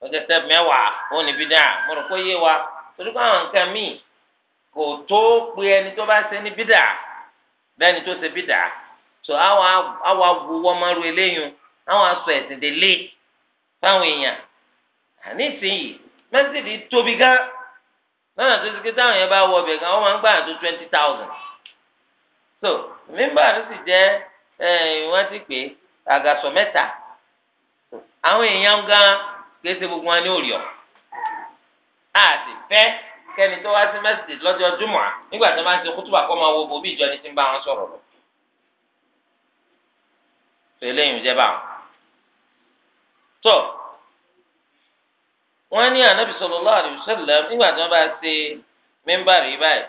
tọjẹ step mẹ́wàá ó ní bídà mo rò pé yé wa torí pé àwọn nǹkan míì kò tó pe ẹni tó bá ṣe ní bídà bẹ́ẹ̀ni tó ṣe bídà so àwọn àwọn awọ ọmọrú eléyìí àwọn aṣọ ẹ̀sìn délé fáwọn èèyàn àníṣeyìí mẹsìlì tóbi gán lọ́nà tó ti ké táwọn yẹn bá wọ ọbẹ̀ gan wọ́n máa ń gbà tó twenty thousand so mímbà ló sì jẹ́ eh, wọ́n ti pè àgàsọ̀ mẹ́ta àwọn èèyàn gan kése gbogbo wọn ní òrìọ̀ àti fẹ́ kẹ́ni tó wá sí mẹ́sìtì lọ́jọ́ júmọ̀ nígbà tó máa ń ṣe kútùbà kọ́ máa wo bòbí ìjọ ni ti ń bá wọn sọ̀rọ̀ lọ. tó eléyìí ń jẹ́ báwọn. So, wọ́n ní ànábì sallallahu alaihi wasallam nígbà tí wọ́n bá ṣe mímbà rí báyìí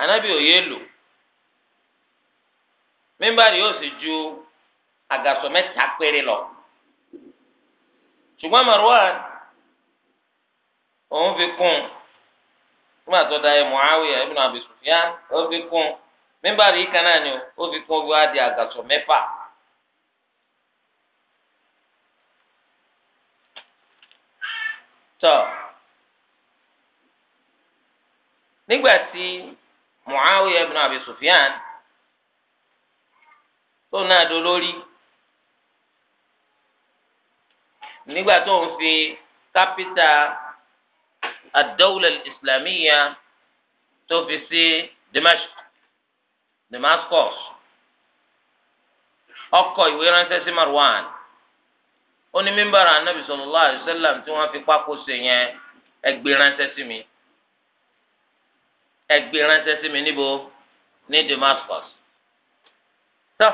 anabi òye lò mímbàrí yóò sì ju àgàsọ mẹ́ta péré lọ ṣùgbọ́n Marwan òun fi kún fún àtọ́dá yẹn Muawiya ibn Abi Sufyan òun fi kún mímbàrí yìí kan náà ni ó fi kún wíwá di àgàsọ mẹ́fà. tọ́ nígbà tí muawiya ibn abi sufyan tó náà do lórí nígbà tó ń fi kápítà adawulẹ islamiyya tó fi sí dimashq damascus ọkọ ìwé ránṣẹ́ sí marwan ó ní mímbàrà anabi sallallahu alaihi tí wọ́n fi pákó ṣe ẹgbẹ́ ránṣẹ́ sí mi ẹ gbé ránṣẹ́ sí mi níbo ní Damascus tó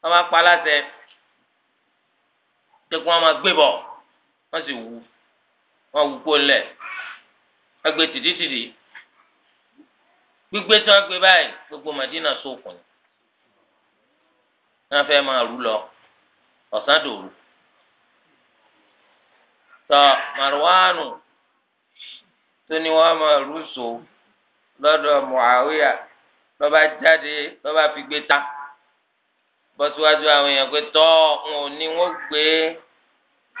wọ́n máa pa aláṣẹ pé kí wọ́n máa gbé bọ̀ wọ́n sì wú wọ́n wú kó lẹ̀ wọ́n gbé tìdítìdì gbígbé tí wọ́n gbé báyìí gbogbo Madina sókun wọ́n fẹ́ máa rú lọ ọ̀sán dòru tọ́ Marwanu. So, tó ní wọ́n máa rúṣò lọ́dọ̀ Muawiya lọ́ba jáde lọ́ba fi gbé ta bọ́síwájú àwọn èèyàn pé tọ́ wọn ò ní wọ́n gbé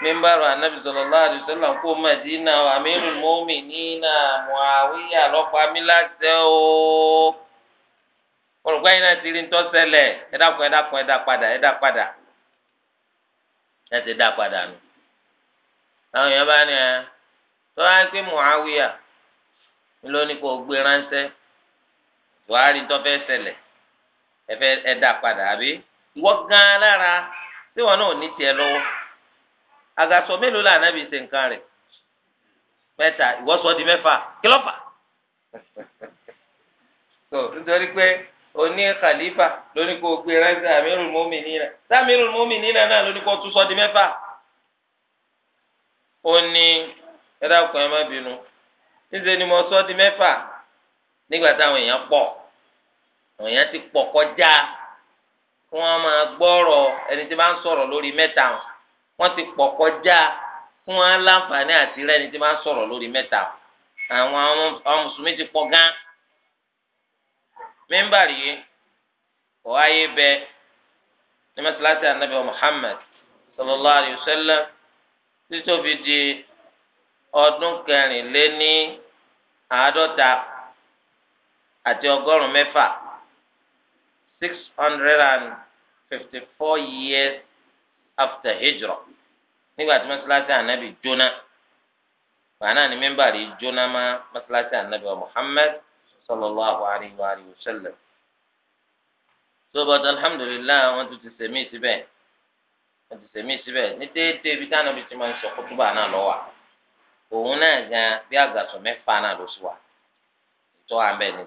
mímbàrún anabi sallallahu alaihi wasallam kó Madina amirul mu'minina Muawiya lọ́pàá mi láṣẹ o olùkọ́ yìí náà ti rí ntọ́ ṣẹlẹ̀ ẹ̀dá kan ẹ̀dá kan ẹ̀dá padà ẹ̀dá padà ẹ̀ ti dá padà nù. táwọn èèyàn bá ní ẹ tọ́lá ń pè Muawiya ló ní kó gbé ránṣẹ́ buhari tó fẹ́ ṣẹlẹ̀ ẹ̀fẹ́ ẹ̀dá padà àbí ìwọ gan alára tí wọn náà ní tiẹ̀ lọ́wọ́ àgàsọ mélòó lànà bí ṣe nǹkan rẹ̀ mẹ́ta ìwọ sọ di mẹ́fà kílọ́fà *laughs* so nítorí pé oní khalifa ló ní kó gbé ránṣẹ́ amirul mu'minina samirul mu'minina náà ló ní kó tún sọ di mẹ́fà ó ní. ẹ dákun ẹ má bínú níṣẹ́ ni mo sọ di mẹ́fà nígbà táwọn èèyàn pọ̀ àwọn èèyàn ti pọ̀ kọjá kí wọ́n máa gbọ́rọ̀ ẹni tí bá ń sọ̀rọ̀ lórí mẹ́ta wọn ti pọ̀ kọjá kí wọ́n láǹfààní àti rẹ́ni tí bá ń sọ̀rọ̀ lórí mẹ́ta àwọn mùsùlùmí ti mímbàrí kò wáyé bẹ ní ọdún kẹrìnléní àádọ́ta àti ọgọ́rùn mẹ́fà six hundred and fifty four years after hijra nígbà tí mọ́sálásí ànábì jóná bàánà ni mímbàrí jóná má mọ́sálásí ànábì wa muhammad sallallahu alayhi wa alayhi wa sallam sóbọ̀tà alhamdulilayi wọ́n tún ti sèmí síbẹ̀ wọ́n ti sèmí síbẹ̀ ní déédéé ibi táwọn ibi tí wọ́n ń sọ kótóbà náà lọ́wọ́ òun náà gan bí àgàsọ mẹ́fà náà ló sì wà ìtọ́ abẹ ni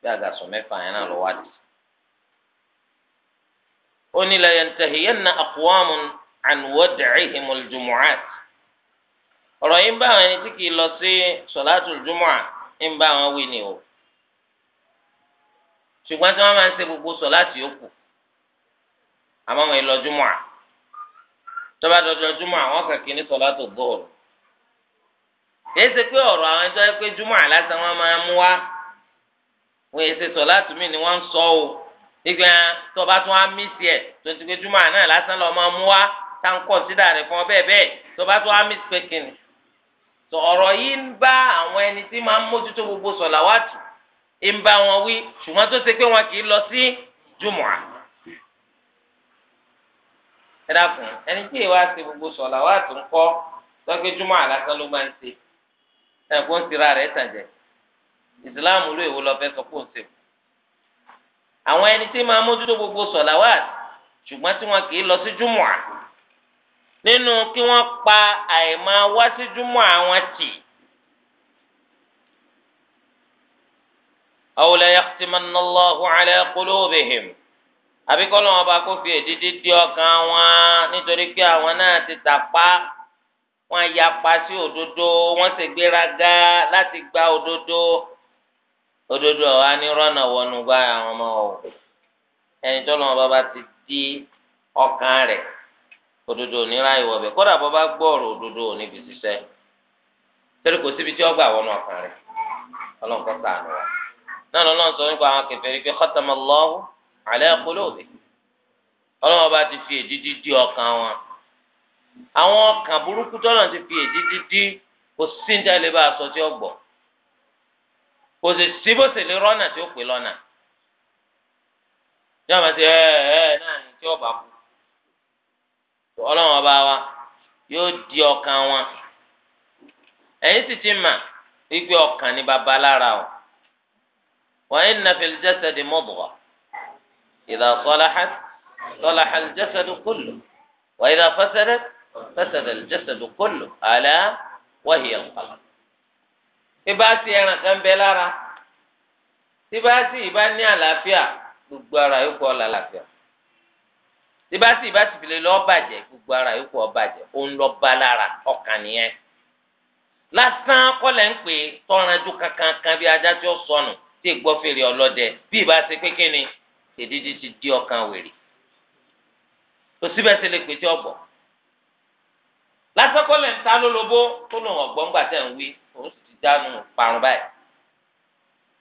bí àgàsọ mẹ́fà yẹn náà ló wà dì. ó ní la yantahiyanna aqwamun an wad'ihimul jumu'at ọ̀rọ̀ yìí ń bá àwọn ẹni tí kì í lọ sí sọ̀látùl jumu'a ń bá àwọn wí ni o ṣùgbọ́n tí wọ́n máa ń ṣe gbogbo sọ̀láàtì yòókù àmọ́ wọn lọ jumu'a tó bá àwọn kàkí ní sọ̀látù kìí ṣe pé ọ̀rọ̀ àwọn ẹjọ́ pé júmọ̀ àlásán wọn máa mú wá wọ́n yẹ sọ láti mí ni wọ́n ń sọ o nígbà tó bá tún á mí sí ẹ̀ tó ti pé júmọ̀ àná lásán lọ́ máa mú wá tá ń kọ̀ sídà rẹ̀ fún ọ bẹ́ẹ̀ bẹ́ẹ̀ tó bá tún á mí sí pé kìnnì tó ọ̀rọ̀ yìí ń bá àwọn ẹni tí máa ń mójútó gbogbo sọ̀làwátù ń bá wọn wí ṣùgbọ́n tó ṣe pé wọn kì í lọ sí júmọ̀ à ẹ dákun ẹni tí èèwà ṣe gbogbo sọ̀làwátù ń kọ́ tó pé júmọ̀ àlásán ló máa ń ṣe ẹ̀kọ́ sira rẹ̀ tàjẹ́ ìsìláàmù ló èwo lọ́fẹ́ sọ pé ó ń ṣe. àwọn ẹni tí máa mójútó gbogbo sọ̀làwáàtì ṣùgbọ́n tí wọn kì í lọ sí júmọ̀à nínú kí wọ́n pa àìmọ́ wá sí júmọ̀à wọn tì. awla yakhtimanna Allahu ala qulubihim àbíkọ́ lọ́wọ́ bá kó fi èdídí di ọkàn wọn nítorí pé àwọn náà ti tàpá wọ́n yapa sí òdodo wọ́n sì gbéraga láti gba òdodo òdodo ọ̀hà ní rọ́nà wọnú gba àwọn ọmọ ọ̀ ẹni tó lọ́wọ́ bá bá ti di ọkàn rẹ̀ òdodo òníra ìwọ̀ bẹ̀ kódà bọ́ bá gbọ́ọ̀rọ̀ òdodo òní fi ṣiṣẹ́ torí kò síbi tí ó gbà wọnú ọkàn rẹ̀ ọlọ́run kọ́ sàánú wa náà lọ́nà sọ nípa àwọn kèfèrí pé khatamallahu ala qulubi ọlọ́wọ́ bá ti fi èdídí di ọkàn wọn àwọn ọkàn burúkú tọ́lọ̀ ti fi èdí dídí kò sí ní tẹ́lẹ̀ bá aṣọ tí ó gbọ̀ kò sì sí bó sì lè rọ́nà tí ó pè lọ́nà ní ọmọ sí ẹ ẹ náà ní tí ó bá kú ọlọ́run ọba wa yóò di ọkàn wọn ẹ̀yin sì ti mà wípé ọkàn ni bàbá lára o wa inna fil jasadi mudghah idha salahat salaha al jasadu kulluh wa idha fasadat. فسد الجسد كله على وهي القلب ìbáàsì ẹran kan bẹ lára ìbáàsì ìbá ní àlàáfíà gbogbo ara yóò kọ lálàáfíà ìbáàsì ìbá ti fìlè lọ bàjẹ́ gbogbo ara yóò kọ bàjẹ́ ó ń lọ bá lára ọkàn nìyẹn lásán kọlẹ̀ ń pè tọ́ranjú kankan kan bí ajá tí ó sọnù tí ì gbọ́ fèrè ọlọ́dẹ bí ìbá pé kí ni èdídí ti di ọkàn wèrè kò síbẹ̀ ṣe lè ọ̀bọ̀ lásìkò lè ń ta lólobó tó lòun ọ̀gbọ́n gbà tẹ̀ ń wí òun sì ti dánu parun báyìí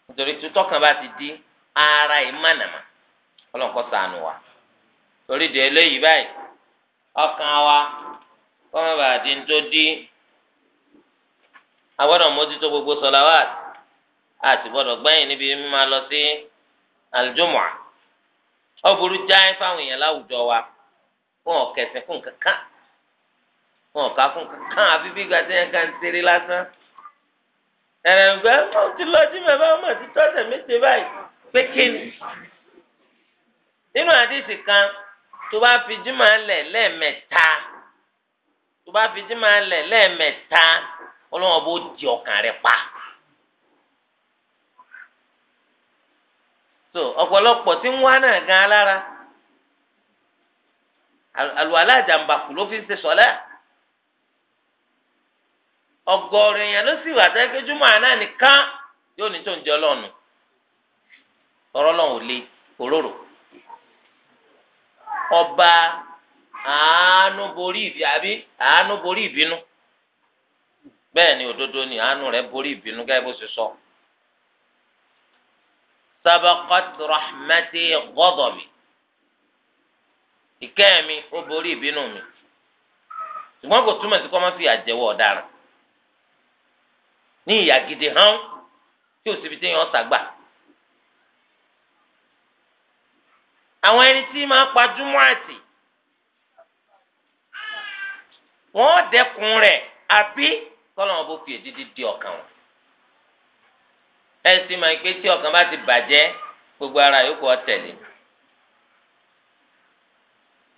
nítorí tutọ́ kan bá ti di ara ìmánàmá ọlọ́nkọ́ sànù wa torí de eléyìí báyìí ọkàn wa kọ́mọ bàdí ń tó di agbọ́dọ̀ mójútó gbogbo sọ̀làwàt àti gbọ́dọ̀ gbẹ́yìn níbi mímá lọ sí àlùjọ́mọ̀à ó burú jáì fáwọn èèyàn láwùjọ wa fún ọ̀kẹ́sìn fún kankan wọn kà fún kàn àfi bí gàdé yẹn kàn ṣeré lásán ẹ̀rẹ̀ǹgbẹ́ wọn ti lọ sí mẹ́fà ọmọ ti tọ́sẹ̀ méje báyìí pé kíni nínú àdìsí kan tó bá fi jùmọ̀ lẹ̀ lẹ́ẹ̀mẹ́ta tó bá fi jùmọ̀ lẹ̀ lẹ́ẹ̀mẹ́ta ọlọ́wọ́n bó di ọkàn rẹ̀ pa. so ọ̀pọ̀lọpọ̀ tí ń wá náà gan alára àlùwàlá àjàmbá kù ló fi ń ṣe sọ́lá. So, ọ̀gọ̀ọ̀rọ̀ èèyàn ló sì wà tẹ́kẹ́ júmọ̀ àná nìkan yóò ní tó ń jẹ ọlọ́run ọ̀rọ̀ ọlọ́run ò le òróró ọba àánú borí ìbí àbí àánú borí ni òdodo rẹ̀ borí ìbínú gẹ́gẹ́ bó ṣe sọ. sabaqat rahmati ghadabi ìkẹ́ mi ó borí ìbínú mi ṣùgbọ́n kò túmọ̀ sí ní ìyà gidi hàn tí ò síbi téèyàn sàgbà. àwọn ẹni tí máa pa júmọ́ àti wọ́n dẹ́kun rẹ̀ àbí kọ́lọ́mọ bó fi èdìdì di ọkàn wọn. ẹ sì máa ń pé tí ọkàn bá ti bàjẹ́ gbogbo ara yòókù ọ̀tẹ̀lé.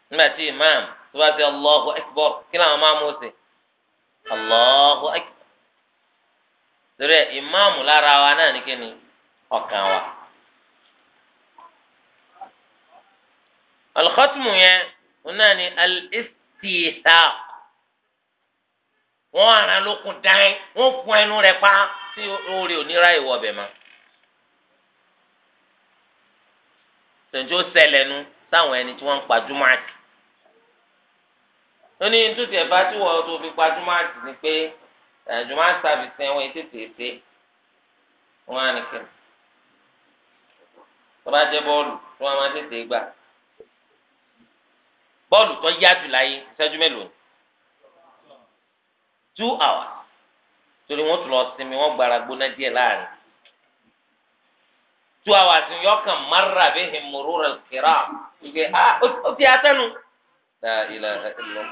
nígbà tí imam tó bá fi Allahu Akbar kí làwọn máa mú sí Allahu Akbar torí ẹ ìmáàmù lára wa náà ní kíni ọkàn wa. alxọtumu yẹn wọn náà ní alistiisaq wọn àrà lókun dán wọn fún ẹnu rẹ̀ pa tí orí onírà ìwọ ọbẹ ma. tòǹtò ṣẹlẹ̀ nu sáwọn ẹni tí wọ́n ń pa jùmọ̀àtì. ó ní ntútì ẹ̀fà tí wọ́n tó fi pa jùmọ̀àtì ni pé ẹ̀dùnmá sábìsì ẹ̀ wọ́n yìí tètè ṣe wọ́n á nìkan tó bá jẹ́ bọ́ọ̀lù tó wọ́n máa tètè gbà bọ́ọ̀lù tó yá jù láyé ìṣẹ́jú mélòó two hours torí wọ́n tún lọ sinmi wọ́n gbára gbóná díẹ̀ láàrin two hours yọ kàn mara bí himuru rẹ kira ah ó ti atẹnu. la ilaha illallah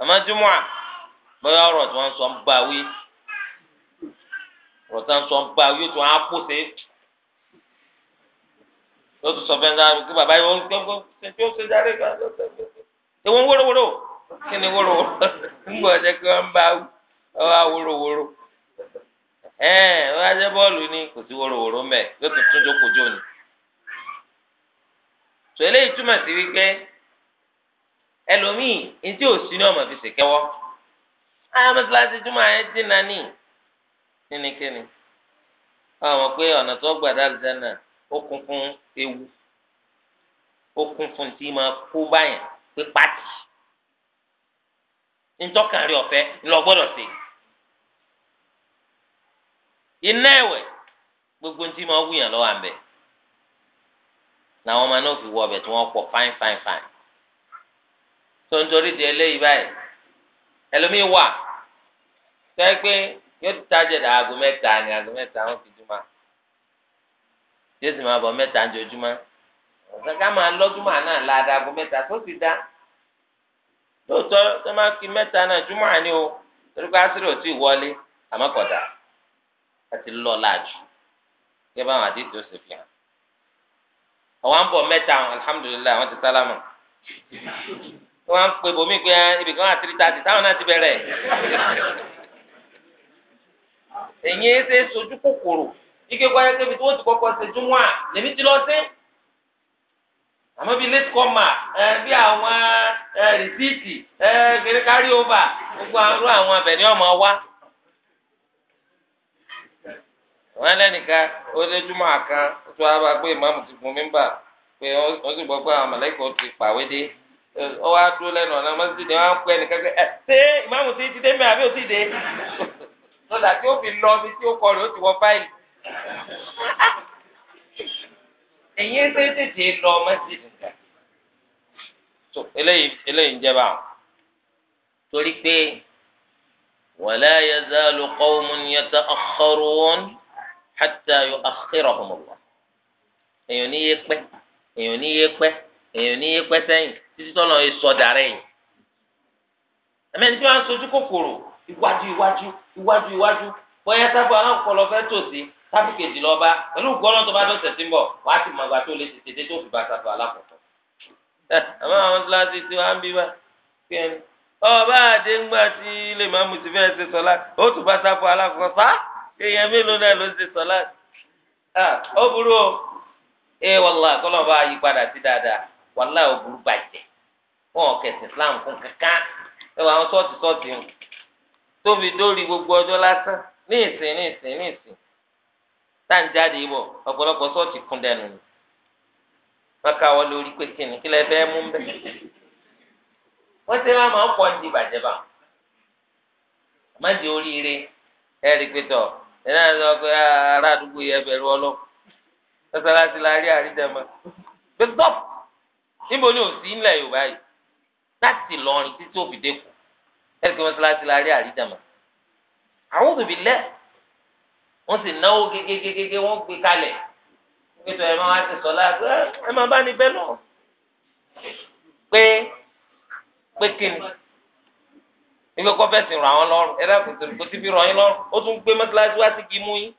àmọ́ jùmọ̀ à bóyá ọ̀rọ̀ tí wọ́n sọ ń bá wí ọ̀rọ̀ tí wọ́n sọ ń bá wí ó tún á pò sí ó tún sọ fẹ́ ń sáré kí bàbá yìí wọ́n gbọ́ ṣe tí ó ṣe jáde kan ló ṣe fẹ́ ewu wórówóró kí ni wórówóró *laughs* ń gbọ́ jẹ́ kí wọ́n bá wí ọwọ́ wórówóró ẹ̀ẹ́n wọ́n á jẹ́ bọ́ọ̀lù ni kò sí wórówóró mẹ́ yóò tún tún jókòó jò ní. túmọ̀ sí wípé ẹlòmíì ní tí ò sí ní ọmọ fi ṣèkẹ́wọ́ àwọn ah, mọ́sálásí júmọ̀ ayé dínà ní kínníkínní wọ́n mọ̀ pé ọ̀nà tó gbàdá àlùjáná ó kún fún ewu ó kún fún tí máa kó báyà pé pàtì ntọ́kàn rí ọ̀fẹ́ ńlọ gbọ́dọ̀ sí iná ẹ̀wẹ̀ gbogbo ntí máa wúyàn lọ́wọ́ àmbẹ̀ làwọn ọmọ náà fi wọ ọbẹ̀ tí wọ́n pọ̀ fáin fáin fáin tó ń torí di eléyìí báyìí ẹlòmíì wà tẹ́ pé yóò ti tájẹ̀ dà aago mẹ́ta ni aago mẹ́ta wọn fi júmọ́ jésù máa bọ̀ mẹ́ta ń jojúmọ́ ọ̀sánká máa lọ́júmọ́ náà láadáa aago mẹ́ta tó ti dá lóòótọ́ tó máa kí mẹ́ta náà júmọ́ àní o torí pé àṣírí ò tí ì wọlé àmọ́ kọ̀dà láti lọ láàjù kí ẹ bá wọn àdéhùn tó ṣe fi hàn àwọn ń bọ̀ mẹ́ta alhamdulilayi àwọn ti sálámù wọn ń pè bòmí pé ibìkan àti títà ti táwọn náà ti bẹ̀rẹ̀. èyí ẹ ṣe sojú kòkòrò ike kọ́ ayẹ́kẹ́ bi tí wọ́n ti kọ́kọ́ ṣe júmọ́ à lèmi ti lọ sí. àmọ́ bíi late comer ẹ bí àwọn ẹ rìsíìtì kárí ova gbogbo àrùn àwọn abẹ̀ní ọmọ wa. wọ́n lẹ́nìkan ó lé àkan ó tún wá bá pé ìmáàmù ti gun mímbà pé sì gbọ́ pé àwọn ti pàwé dé ó dúró lẹ́nu ọ̀nà mọ́sídìí á pẹ́ sọdà tí ó fi lọ ibi tí ó kọ rẹ̀ ó ti wọ fáìlì. èyí ń tètè tè lọ mọ́sídìí kan. tó eléyìí eléyìí ń jẹba àwọn. torí pé wala yazalu qawmun yata'akhkharun hatta yu'akhkhirahum Allah. èèyàn ní yé pẹ́ èèyàn ní yé pẹ́ èèyàn ní yé pẹ́ sẹ́yìn títí tọ́lọ́ yẹ sọ dàrẹ́ yìí. àmì tí wọ́n á sojú kòkòrò iwájú iwájú iwájú iwájú bóyá sáfù aláǹkọlọ fẹ́ tòsí sáfù kejì lọ́ba pẹ̀lú gbọ́dọ̀ tó bá dọ̀sẹ̀ tí ń bọ̀ wá ti mọ àgbà tó lè tètè dé tó fi bá sáfù aláǹkọ̀tọ̀. *laughs* àmọ́ àwọn kíláàsì tí wọ́n á ń bí wá kí ẹni ọba àdé ńgbà tí lè máa mú ti fẹ́ẹ́ ṣe sọ́lá ó tún bá sáfù aláǹkọ̀tọ̀ èèyàn mélòó náà ló ń ṣe sọ́lá. ó burú o ẹ wàllá kọ́lọ́ bá yí padà sí dáadáa wàllá ò burú bàjẹ́ Islam fún kankan ẹ wọ àwọn tó fi dórí gbogbo ọjọ́ lásán ní ìsìn ní ìsìn ní ìsìn tá à ń jáde bọ̀ ọ̀pọ̀lọpọ̀ sọ́ọ̀tì kún dẹnu ni wọ́n ká wọ́n lórí pé kí ni kí lẹ́ fẹ́ mú bẹ́ẹ̀. wọ́n ti máa máa ń pọ̀ ní ìbàjẹ́ bá má di oríire ẹ rí pé tọ̀ ẹ náà sọ pé ah, ará àdúgbò yẹ bẹ̀rù ọlọ́ mọ́sálásí la rí àrídẹ́mọ́ pé tọ́ níbo ni ò sí ńlẹ̀ Yorùbá yìí láti Ìlọrin títí òbí dẹ́kù ẹ̀rọ mọ́sálásí la rí àríjàmà àwọn òbí lẹ̀ wọ́n sì náwó gégégégé wọ́n gbé kalẹ̀ nítorí ẹ̀ máa wá sí sọ́lá ẹ̀ máa bá ní bẹ́ẹ̀ náà pé pé kíni ibi kọ́ fẹ́ sìn rọ àwọn lọ́rùn ẹ̀rọ kò tó ti fi rọ yín lọ́rùn ó tún gbé mọ́sálásí wá sí kí mú yín.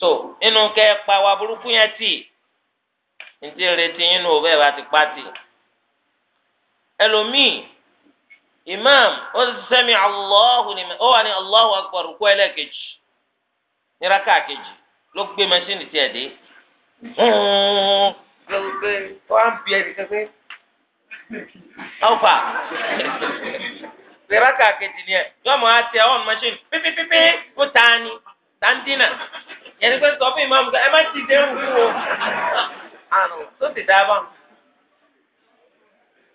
so inú kẹ́ ẹ pa wa burúkú yẹn tì ní ti retí yín nù bá ti pa tì ẹlòmíì imam ó allahu ni ó wà ní allahu akbar nira káàkejì ló gbé mẹsìnì tiẹ̀ dé ni ẹ yóò mọ àti ẹ ọ̀n mẹsìnì kó tani tandina yẹni pé sọ fún ti dé o tó ti dábàá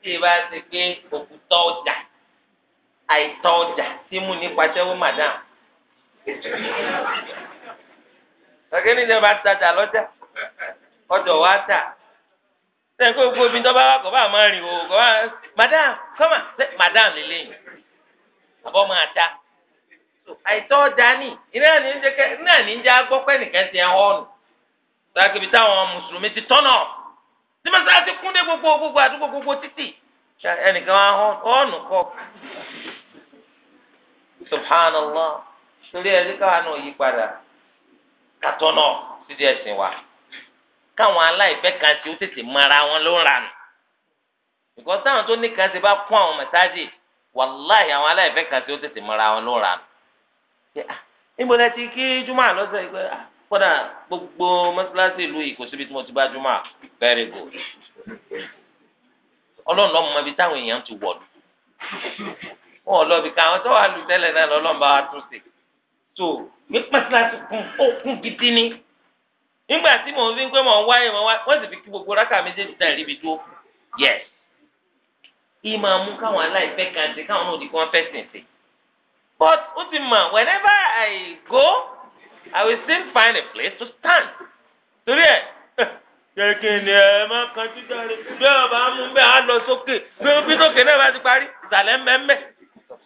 ti gbé àìtọ́ ọjà tí mú nípa madam. ọ̀gẹ́ ní ìjọba tajà lọ́jà ọ̀dọ̀ wa tà sẹ́yìn kó gbogbo omi dọ́bà wà kọ́ bá máa rìn o madam kọ́mà madam lélẹ́yìn àbọ̀ máa àìtọ́ ọjà ní jẹ́ ní jẹ́ agbọ́pẹ́ nìkan ti táwọn mùsùlùmí ti tọ́nà gbogbo gbogbo àdúgbò gbogbo títì ẹnìkan subhanallah torí ẹ̀rí káwa náà yí padà kàtọ́nà sídi ẹ̀sìn wa káwọn aláìfẹ́ kan tí ó tètè mara wọn ló ń ranù ìkọ́ táwọn tó ní kan ti bá kún àwọn mẹ́sáàgì wàláhì àwọn aláìfẹ́ kan tí ó tètè mara wọn ló ń ranù ah, níbo lẹ ti kí júmọ́ àlọ́sẹ̀ ìgbẹ́ ah, kódà gbogbo mọ́sálásí ìlú yìí kò síbi tí mo ti bá júmọ́ very good ọlọ́run lọ́mọ ibi táwọn èèyàn ti wọ̀lú wọn ò lọ bí ká àwọn tó wà lù tẹ́lẹ̀ náà lọ́lọ́mọba wa tún sí tó ní pàṣípàṣí kún ó gidi ni nígbà tí mò ń fi pé mò ń wáyé mò ń wáyé wọ́n sì fi kí gbogbo rákà méjèèjì náà ríbi tó yẹs ìmọ̀ àmú káwọn aláìfẹ́ kan ti káwọn náà di kí wọ́n fẹ́ sìn sí but ó ti mọ̀ whenever I go I will still find a place to stand torí ẹ̀ *laughs* kẹkẹni ẹ má kan títà rẹ bí ọba mú bẹ́ẹ̀ á lọ sókè bí ó bí sókè náà bá ti parí ìsàlẹ̀ ń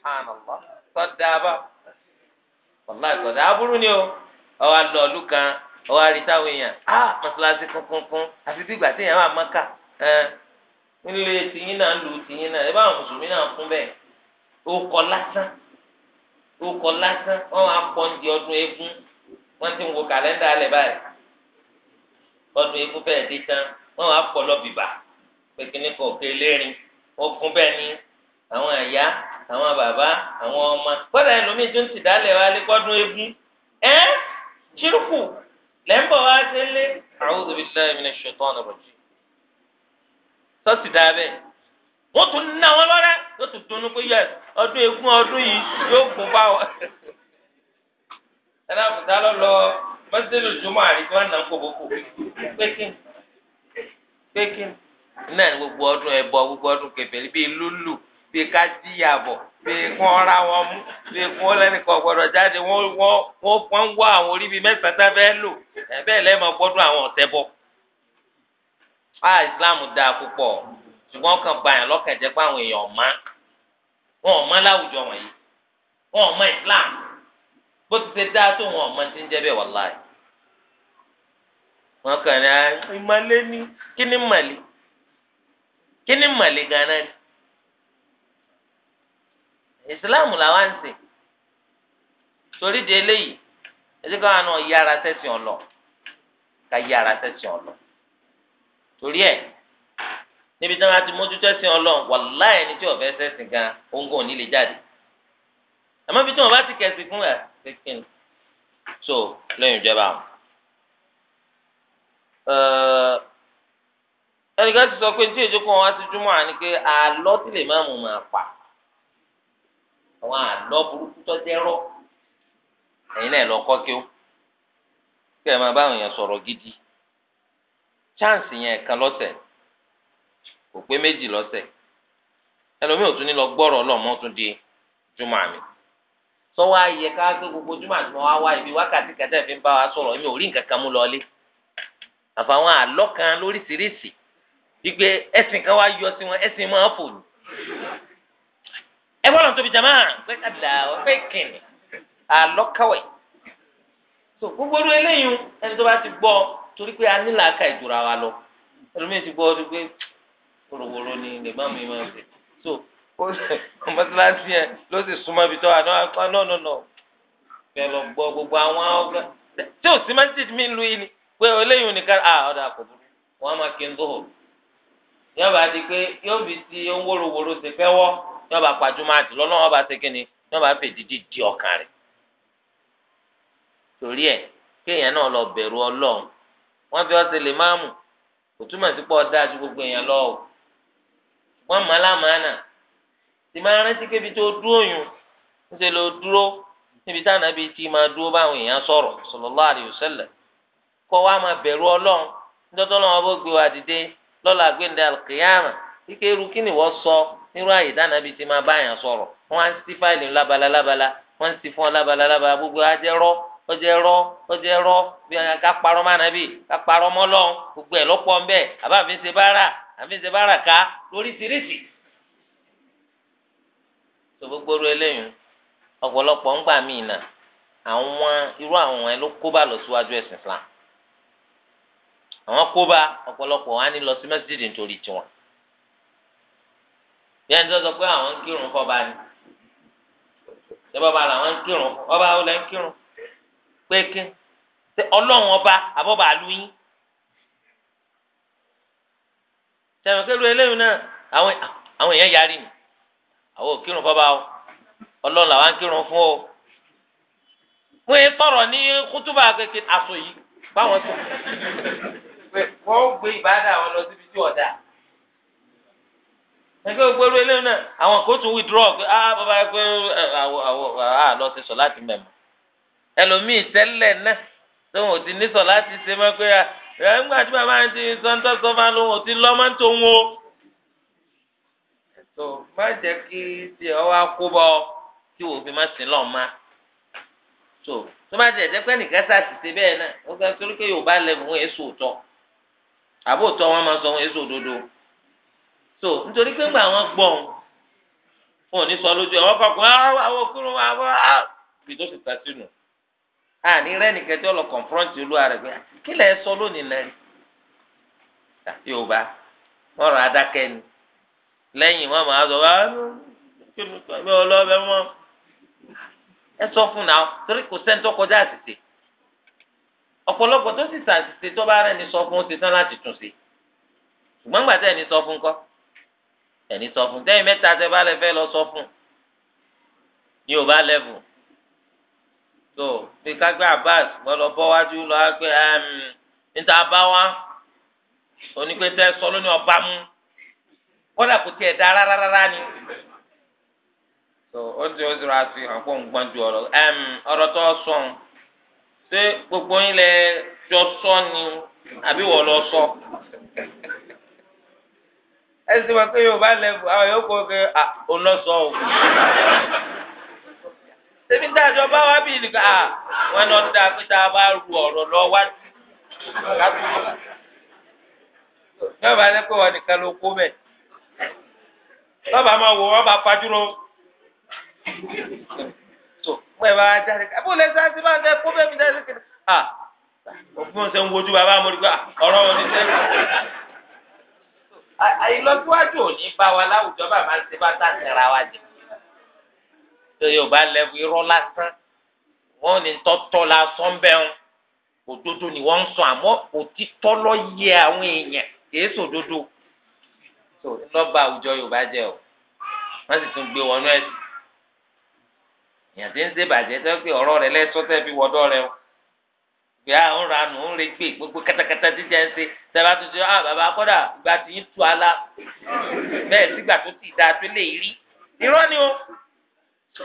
subhanallah sọdá bá wàlá sọdá aburú ni o ọwọ alọ ọlú kan ọwọ àríta àwọn èèyàn á mọṣáláṣí kúnkúnkún àfi bí ìgbà tí èèyàn máa mọ́kà nílé tìyín náà lù tìyín náà ẹ bá àwọn mùsùlùmí náà fún bẹ́ẹ̀ ó kọ lásán ó kọ lásán wọn á pọ ní ọdún eégún wọn ti ń wo kàlẹ́ndà alẹ́ báyìí ọdún eégún bẹ́ẹ̀ dé tán wọn á pọ lọ bìbà pé kíní kan òkè lérin ogun bẹ́ẹ̀ ni àwọn àyà àwọn bàbá àwọn ọmọ gbọ́dọ̀ ẹlòmíì tó ń ti dálẹ̀ wa lé kọ́dún egun ẹ́ ṣírùkù lẹ́ńbọ̀ wa ṣe lé a'udhu billahi minash shaitanir rajim sọ́ọ̀tì dáa bẹ́ẹ̀ wọ́n tún ná wọn lọ́rẹ́ yóò tún dunnú pé yẹ ọdún egun ọdún yìí yóò gùn bá wọn. ẹ̀rọ àbùtá lọ lọ mọ́sídẹ́lì jùmọ̀ àríkí wọn náà ń kóbókó pékin pékin náà gbogbo ọdún ẹ̀bọ gbogbo ọdún kẹfẹ́ bíi lúlù bí ká díyàbọ̀ bí kún ra wọn mú bí kún lẹ́nìkan gbọ́dọ̀ jáde wọ́n wọ́n wọ́n wá àwọn orí bíi mẹ́sàn-án tá a fẹ́ lò bẹ́ẹ̀ lẹ́mọ̀ gbọ́dọ̀ àwọn ọ̀tẹ̀ bọ̀. a Islam dáa púpọ̀ ṣùgbọ́n kan bàyàn lọ́kàn jẹ́ pé àwọn èèyàn ọ̀ma wọn ọ̀ma láwùjọ wọ̀nyí wọn ọ̀ma Islam bó ti ṣe dáa tó wọn ọ̀ma ti ń jẹ́ bẹ́ẹ̀ wàláì. wọn kàn ní ìmàlẹ́ ni kí ni màlẹ́ kí ni màlẹ́ gan-an ni ìsìláàmù làwọn ń sìn torí de eléyìí ẹjẹ káwọn náà yára sẹsìn ọlọ ká yára sẹsìn ọlọ torí ẹ níbi tí wọn ti mójútó ẹsìn ọlọ wàláì ẹni tí ọfẹ sẹsìn gan ongo òní lè jáde àmọ́ ibi tí wọn bá ti kẹsì fún ẹ sẹkìn so lẹ́yìn ìjọba àwọn. ẹnìkan ti sọ pé tí èjì kan wá sí júmọ́ àní pé àlọ́ tí lè má mú máa pa àwọn àlọ́ burúkú tó jẹ́ rọ́ ẹ̀yin náà lọ kọ́ kí ó kẹ́ ẹ máa bá àwọn èèyàn sọ̀rọ̀ gidi chance yẹn kan lọ́sẹ̀ kò pé méjì lọ́sẹ̀ ẹlòmíì ò tún ní lọ gbọ́rọ̀ ọlọ́mọ tún di júmọ̀ àmì sọ́wọ́ ayẹ ká pé gbogbo júmọ̀ àti wọn wá wá ibi wákàtí kẹtẹ́ fi ń bá wa sọ̀rọ̀ èmi ò rí nǹkan kan mú lọlé àfàwọn àlọ́ kan lóríṣiríṣi wípé ẹ̀sìn kan wá yọ sí wọn ẹ̀sìn máa fò ní ẹ bọ́ lọ́n tóbi jama pé àdàwọ̀ pé kìnnì àlọ́kàwẹ̀ tó gbogbo orí eléyìí ẹni tó bá ti gbọ́ torí pé a nílò aka ìdúrà wa lọ ẹlòmíì ti gbọ́ ọdún pé wòrowòro ni lè má mi máa ṣe so mọ́tíláṣí yẹn ló sì súnmọ́ ibi tó wà náà kọ́ náà náà náà bẹ́ẹ̀ lọ gbọ́ gbogbo àwọn ọgbà tí ò sí mẹ́tì mi lu yìí ni pé eléyìí nìkan à ọ̀dà kò dúró wọ́n á máa kí n tó hò yọ̀bà di pé yóò fi ti ohun wòrowòro ṣe fẹ́ wọ́. ní ọba pàjùmọ àti lọ́lọ́run ọba ṣe kíni ní ọba fèdídì di ọkàn rẹ̀ torí kéèyàn náà lọ bẹ̀rù Ọlọ́run wọ́n fi ọsẹ lè máàmù kò túmọ̀ sí ju gbogbo èèyàn lọ o tí máa rántí kébi tó dúró lọ dúró níbi táwọn àbí tí máa dúró nítorí kí nírú àyè dáná bíi ti máa báyàn sọ̀rọ̀ wọ́n á ń sí fáìlì lábala lábala wọ́n ń sí fún ọ lábala lábala gbogbo ajẹ́rọ́ ọjẹ́rọ́ ọjẹ́rọ́ bí ká parọ́ mọ́ ànábì ká parọ́ mọ́ lọ́hùn gbogbo ẹ̀ lọ́pọ̀ ń bẹ̀ àbá àfi ń ṣe bára àfi ń ṣe bára ká lóríṣiríṣi. tó gbogbo ru eléyìí ọ̀pọ̀lọpọ̀ ń gbà mí ìnà àwọn irú àwọn ẹ ló kóbá lọ síwájú ẹ̀sìn Islam àwọn kóbá ọ̀pọ̀lọpọ̀ wá ní lọ sí mẹ́sídìí nítorí tiwọn bí ẹni tó sọ pé àwọn ń kírun fọba ni tẹ́bọ̀bà làwọn ń kírun ọba ọlẹ́ ń kírun pékin ọlọ́run ọba àbọ̀bà àlùyìn tẹ̀wọ̀kẹ́lu eléyìí náà àwọn àwọn èèyàn yarí ni àwọn òkírun fọba o ọlọ́run làwọn ń kírun fún o wọ́n yẹn tọrọ ní kútúbà kékeré aṣọ yìí báwọn sọ wọ́n gbé ìbádà wọn lọ síbi tí ọ̀dà ẹgbẹ́ gbogbo ẹrú eléyìí náà àwọn kò tún withdraw pé ah bàbá ẹ pé ah lọ sí sọ láti mẹ́mọ́ ẹlòmíì tẹ́lẹ̀ náà tóun ò ti ní sọ láti ṣe mọ́ pé ẹ ńgbà tí bàbá yẹn ti sọ́ńtọ́ sọ́fà lóun ò ti lọ́ mọ́ tó ń wo. ẹ̀tọ́ má jẹ́ kí ti ọwọ́ akóbọ tí wò fi má sí lọ́ọ̀ má tó tó má jẹ́ ẹ̀jẹ̀ pé nìkan sáàtì ṣe bẹ́ẹ̀ náà ó sọ so nítorí pé ńgbà wọn gbọ́ òun wọn ò ní sọ lójú ẹ̀ wọ́n fọkùn àwọn ah, òkúrò wa wọ́n á bí tó ti ta sínú àní rẹ́nìkẹ́ tí wọ́n lọ kọ̀ǹfọ́ǹtì olúwa rẹ̀ pé ah, kí lẹ̀ sọ lónìí náà àti yorùbá wọ́n rọ adákẹ́ ni lẹ́yìn wọn máa sọ wá ah, kí ni tọ́ ọ lọ́ọ́ bẹ́ẹ̀ mọ́ ẹ sọ fún náà torí kò sẹ́ńtọ́ kọjá àtìsè ọ̀pọ̀lọpọ̀ tó sì sàtìsè tó bá rẹ̀ ní sọ fún ti tán láti tún sí ṣùgbọ́n gbàtẹ́ ní sọ fún kọ́ ẹni sọ fún tẹ̀yin mẹ́ta tẹ bá lẹ fẹ́ lọ sọ fún ní o bá lẹbù tó bí kágbé Abbas gbọ́dọ̀ bọ wájú lọ pé níta bá wá onípẹtẹ sọ lónìí ọba mú kódà kò tiẹ̀ dá rárá rárá ni tó ó ti ó sọ̀rọ̀ àti àpò ńgbọ́n ju ọ̀rọ̀ ọ̀rọ̀ tó sọ̀n ṣé gbogbo yín lẹ jọ sọ ni àbí wọ́n lọ sọ ẹsìn máa pé yorùbá lẹ́bù àwọn yóò kó kẹ à ọlọ́sọ o. tèmi dájọ bá wá bí nìkan à wọn lọ dáa pé tá a bá ru ọ̀rọ̀ lọ wá sí yọba ẹ pé wọn nìkan ló kó bẹ lọba máa wò wọn bá fajúro tó mọ ẹ bá wá jáde ká bó lẹsẹ àti bá dẹ kó bẹ mi dẹ sí kìnnìkan à òfin ọsẹ ń wojú bàbá àmọ́ nígbà ọ̀rọ̀ wọn ní sẹ́yìn àìlọsíwájú ò ní bá wa láwùjọ bàbá ń ṣe bá sàtẹ̀ra wa jẹ. tó yorùbá lẹ́wọ̀ irọ́ lásán wọ́n ní tọ́tọ́ la sọ́ńbẹ́hùn òdodo ni wọ́n ń sọ àmọ́ òtítọ́ ló yẹ àwọn èèyàn kìí sòdodo tó lọ́ba àwùjọ yorùbá jẹ o wọ́n sì tún gbé wọnú ẹ̀sìn èèyàn ti ń ṣèbàjẹ́ tó pé ọ̀rọ̀ rẹ lẹ́sọ́tẹ́ fi wọ́dọ́ rẹ o pé à ń ranù ń regbè gbogbo katakata jíjẹ ń ṣe sábà tó ṣe à ah, bàbá kọ́dà gba ti ń tu ala bẹ́ẹ̀ sígbà tó ti dáa tó lè rí irọ́ ni o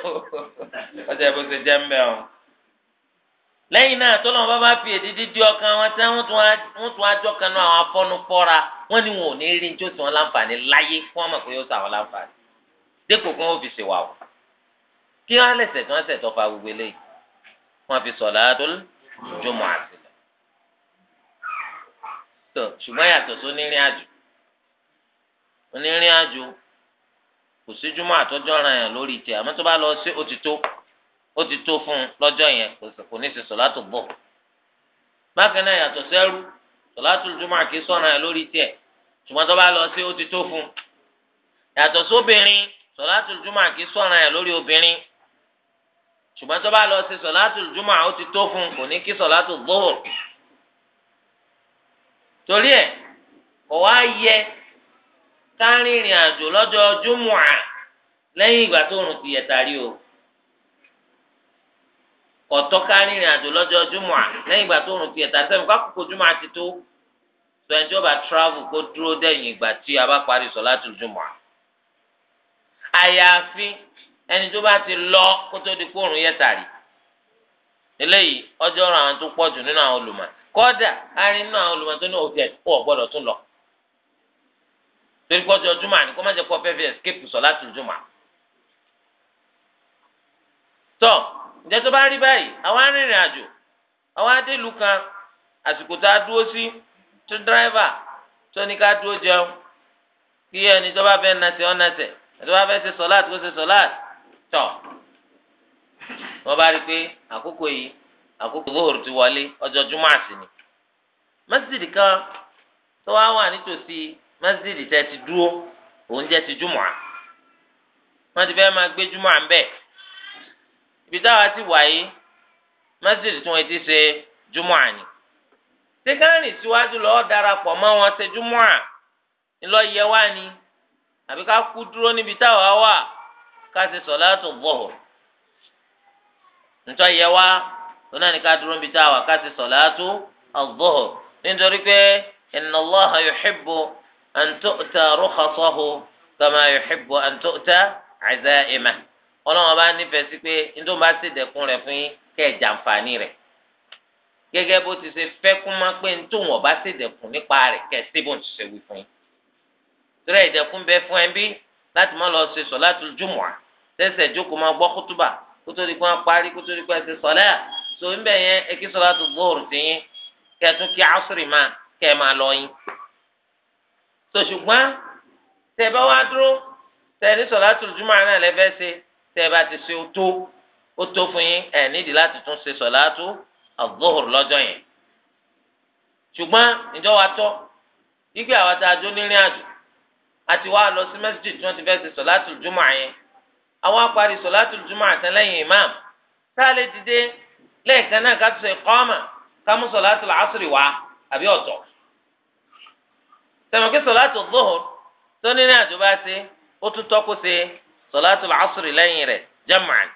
*laughs* ọjà bó ṣe jẹ́ mbẹ́ o lẹ́yìn náà tọ́lọ́mọ bá bá fi èdìdí di ọkàn wọn tí wọ́n tún ajọ́ kan náà àwọn afọ́nu fọ́ra wọ́n ní wọn ò ní rí njó tí wọ́n láǹfààní láyé fún ọmọ pé ó sàwọn láǹfààní dépò kí wọ́n fi ṣèwà o kí wọ́n á lẹ̀sẹ̀ tí wọ́n sẹ̀ tọ́fà gbogbo eléyìí wọ́n fi sọ̀lá tó lé jùmọ̀ àti lọ. tó ṣùgbọ́n yàtọ̀ sí onírìn àjò onírìn àjò kò sí jùmọ̀ àtọ́jọ́ ara yẹn lórí tiẹ̀ àmọ́ tó bá lọ sí òtítọ́ òtítọ́ fún un lọ́jọ́ yẹn kò ní sí sọ̀látò bọ̀. bákan náà yàtọ̀ sẹ́rú sọ̀látò jùmọ̀ àkè sọ̀ràn yẹn lórí tiẹ̀ ṣùgbọ́n tó bá lọ sí òtítọ́ fún un. yàtọ̀ sóbìnrin sọ̀látò jùmọ̀ àkè sọ̀ràn yẹn lórí obìnrin ṣùgbọ́n tó bá lọ sí sọ̀látù jùmọ̀ ó ti tó fún kò ní kí sọ̀látù zuhur torí ẹ̀ kò wá yẹ ká rìnrìn àjò lọ́jọ́ jùmọ̀ lẹ́yìn ìgbà tó rùn ti yẹ tàrí o kọ̀tọ́ ká rìnrìn àjò lọ́jọ́ jùmọ̀ lẹ́yìn ìgbà tó rùn ti yẹ tàrí sẹ́mi kákòókò jùmọ̀ ti tó sọ̀rọ̀ tí ó travel kó dúró dẹ̀yìn ìgbà tí a bá parí sọ̀látù jùmọ̀ àyàfi ẹni tó bá ti lọ kó tó di kóòrùn yẹ tàrí eléyìí ọjọ́ ọ̀rọ̀ àwọn tó pọ̀jù nínú àwọn olùmọ̀ kọ́dà arin nínú àwọn olùmọ̀ tó ní òfin ẹ̀ ọ̀gbọ́dọ̀ tún lọ torí pọ́jọ́ jùmọ̀ àní kó má jẹ́ kó fi sọ láti jùmọ̀ tọ́ ǹjẹ́ tó bá rí báyìí àwọn arìnrìn àjò àwọn adélu kan àsìkò tá a dúró sí tó tọ wọn bá rí i pé àkókò yìí àkókò lóhùrù ti wọlé ọjọ́ júmọ àti ni mẹsídìí kan tó wá wà nítòsí mẹsídìí tẹ ti dúró òun jẹ ti júmọ à wọn ti fẹẹ máa gbé júmọ à ń bẹ ibi táwa ti wà yìí mẹsídìí tí wọn ti ṣe júmọ à ni sekárìn síwájú lọ́ọ́ darapọ̀ mọ́ wọn ṣe júmọ à ńlọ yẹ wá ni àbí ká kú dúró níbi táwa wà káṣí sọ̀láàtù zuhur ntọ́ yẹ wá lónà ní ká dúró níbi tá a wà káṣí sọ̀láàtù zuhur nítorí pé inna Allaha yuhibbu an tu'ta rukhsahu kama yuhibbu an tu'ta azaimah ọlọ́wọ́n bá nífẹ̀ẹ́ sí pé nítorí bá ti dẹ̀kun rẹ̀ fún yín kẹ́ ẹ̀ jàǹfààní rẹ̀ gẹ́gẹ́ bó ti ṣe fẹ́ kún máa pé nítorí wọn bá ti dẹ̀kun nípa rẹ̀ kẹ́ ẹ̀ síbò ń ṣe wí fún yín. torí ìdẹ̀kun bẹ fún ẹ bí láti má lọ ṣe sọ̀látul jumu'ah sẹ́sẹ̀ jókòó máa gbọ́ kútúbà kótó di kó parí kótó di kó ẹsẹ̀ sọ̀lẹ́ à so ń bẹ̀ yẹn ekí sọ̀lá tó bóòrù sí yín kẹ́tún kí asùrì máa kẹ́ máa lọ yín. so ṣùgbọ́n tẹ́ bá wá dúró tẹ́ ní sọ̀lá tó jùmọ̀ náà lẹ́fẹ́ ṣe tẹ́ bá ti ṣe ó tó ó tó fún yín ẹ̀ nídìí láti tún ṣe sọ̀lá tó àgbóhùrù lọ́jọ́ yẹn. ṣùgbọ́n ìjọ wa tọ́ wípé àwa tá a jó nírìn àjò àti wá lọ sí mẹ́sìtì tí wọ́n ti fẹ́ ṣe sọ̀lá tó jùmọ̀ yẹn àwọn apari sọ̀látù jùmọ̀ àtàn lẹ́yìn imam tá a lè dìde lẹ́ẹ̀kan náà ká tó ṣe kọ́ọ̀mà ká mú sọ̀látù làásùrì wá àbí ọ̀tọ̀. tẹ̀mọ̀kí sọ̀látù zuhur tó ní ní àjọba ṣe ó tún tọ́kù ṣe sọ̀látù làásùrì lẹ́yìn rẹ̀ jam'an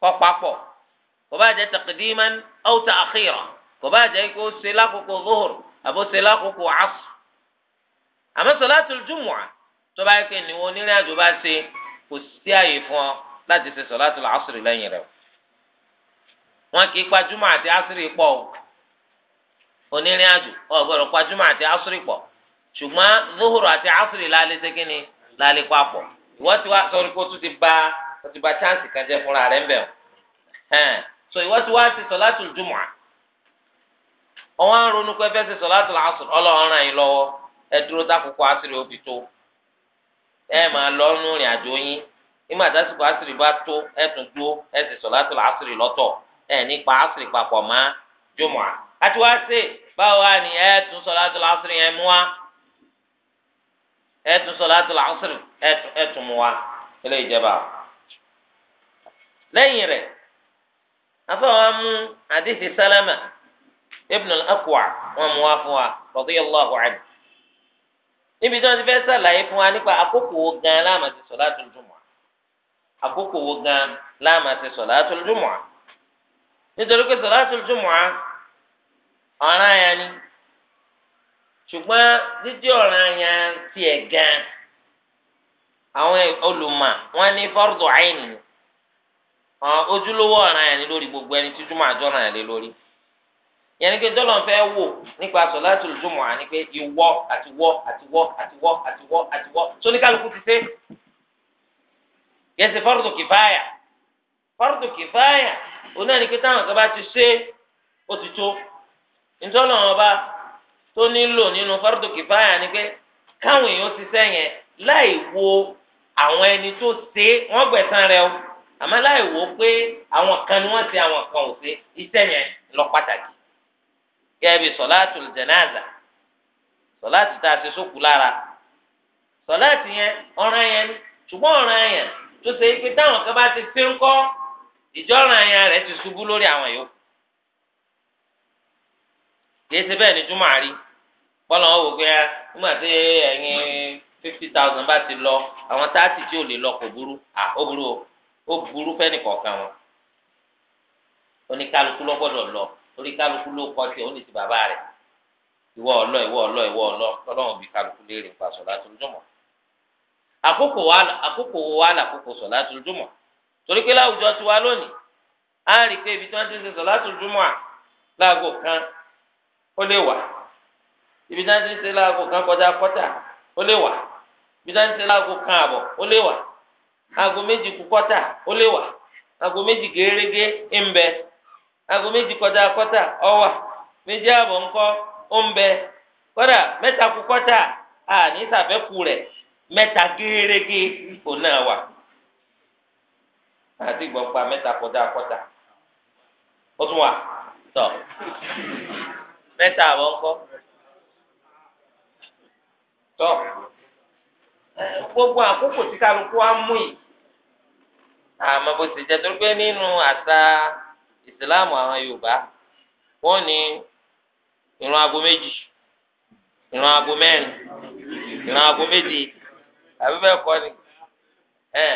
kọ́ papọ̀ kò bá jẹ́ taqdiman aw ta'khira kò bá jẹ́ kó ṣe lákòókò zuhur àbó ṣe lákòókò asr àmọ́ sọ̀látù jùmọ̀ tó bá yẹ pé ìnáwó onírìn àjò bá ṣe kò sí àyè fún ọ láti ṣe sọ̀látul asri lẹ́yìn rẹ̀ wọn kì í pa àti asri pọ̀ o onírìn àjò ọ gbọ́dọ̀ pa júmọ̀ àti asri pọ̀ ṣùgbọ́n zuhuru àti asri lálẹ́ ṣẹ́gi ni lálẹ́ pa pọ̀ ìwọ́n ti wá sọ̀rí kó tún ti ba ó ti ba chance kan jẹ́ fúnra rẹ̀ ń bẹ̀ o so ìwọ́n ti wá ṣe sọ̀látul júmọ̀ ọ̀wọ́n ronú pé fẹ́ ṣe sọ̀látul asri ọlọ́run ràn yín lọ́wọ́ ẹ dúró dákòókò asri ó tó. ẹ máa lọ nú ìrìn àjò yín nígbà tásìkò àṣírí bá tó ẹ tún dúró ẹ sì sọ láti lọ àṣírí lọ́tọ̀ ẹ nípa àṣírí papọ̀ mọ́ jùmọ̀ àti wá sí báwo wá ni ẹ tún sọ àṣírí yẹn mú wa ẹ tún sọ àṣírí ẹ mú wa ilé ìjẹba lẹ́yìn wa fún níbi tí wọ́n ti fẹ́ sàlàyé fún wa nípa àkókò wo gan láàmà ti solatul jumu'a àkókò wo gan láàmà ti solatul jumu'a nítorí pé solatul jumu'a ọ̀ràn yẹn ni ṣùgbọ́n dídí ọ̀ràn yẹn tiẹ̀ gan àwọn olùmọ̀ wọn ní fardu aini ojúlówó ọ̀ràn yẹn ni lórí gbogbo ẹni tí jùmọ̀ àjọ ọ̀ràn yẹn lé lórí yẹn pé dọ́lọ̀ fẹ́ wò nípa sọ̀láàtì lùdùmọ̀ àní pé ìwọ àti wọ àti wọ àti wọ àti wọ àti wọ sóníkàlùkù ti ṣe yẹn ti fọ́rọ̀tò kìfáyà fọ́rọ̀tò kìfáyà òun pé táwọn kan bá ti ṣe ó ti tó ìtọ́nà tó nílò nínú fọ́rọ̀tò kìfáyà ni pé káwọn èèyàn ti sẹ́yìn láì wo àwọn ẹni tó ṣe wọ́n gbẹ̀san rẹ o àmọ́ láì wo pé àwọn kan ni wọ́n ṣe àwọn kan ò ṣe iṣẹ́ yẹn lọ pàtàkì kẹ́ẹ̀bì sọ̀láàtù jẹ̀náàzà sọ̀láàtù tá a ti sókù lára sọ̀láàtù yẹn ọ̀ràn yẹn ṣùgbọ́n ọ̀ràn yẹn tó ṣe é pé táwọn kan bá ti ṣe ń kọ́ ìjọ́ràn yẹn rẹ̀ ti ṣubú lórí àwọn yòókù kìí ṣe bẹ́ẹ̀ ni júmọ̀ àrí bọ́lá wọn wò pé ah, nígbà tí ẹ̀yin fifty thousand bá ti lọ àwọn táàtì tí ò lè lọ kò burú à ó burú ó burú fẹ́nìkọ̀ọ̀kan wọn oníkálukú lọ́gbọ́dọ̀ lọ orí kálukú ló kọ tiẹ̀ ó ní ti bàbá rẹ̀ ìwọ ọlọ ìwọ ọlọ ìwọ ọlọ tọlọ́run bí kálukú léèrè nípa sọ̀látùl jumu'ah àkókò wa àkókò wa làkókò sọ̀látùl jumu'ah torí pé láwùjọ tiwa lónìí á rí i pé ibi tí wọ́n ti ń ṣe sọ̀látùl jumu'ah láago kan ó lè wà ibi tí wọ́n ti ń ṣe láago kan kọjá kọ́tà ó lè wà ibi tí wọ́n ti ń ṣe láago kan àbọ̀ ó lè wà aago méjì kú kọ́tà ó lè wà aago méjì gérégé ń bẹ aago méjì kọjá kọ́tà ọwà méjì ààbọ̀ ńkọ́ ó kọ́dà mẹ́ta kù kọ́tà àní ìsàfẹ́kù rẹ̀ mẹ́ta gérégé òun náà wà àti mẹ́ta kọjá ó tún wà tọ̀ mẹ́ta àbọ̀ gbogbo àkókò tí kálukú wa mú yìí àmọ́ bó ìsìláàmù àwọn yorùbá wọ́n ní ìrun aago méjì ìrun aago mẹ́rin ìrun aago méje àbí bẹ́ẹ̀ kọ́ ni ẹ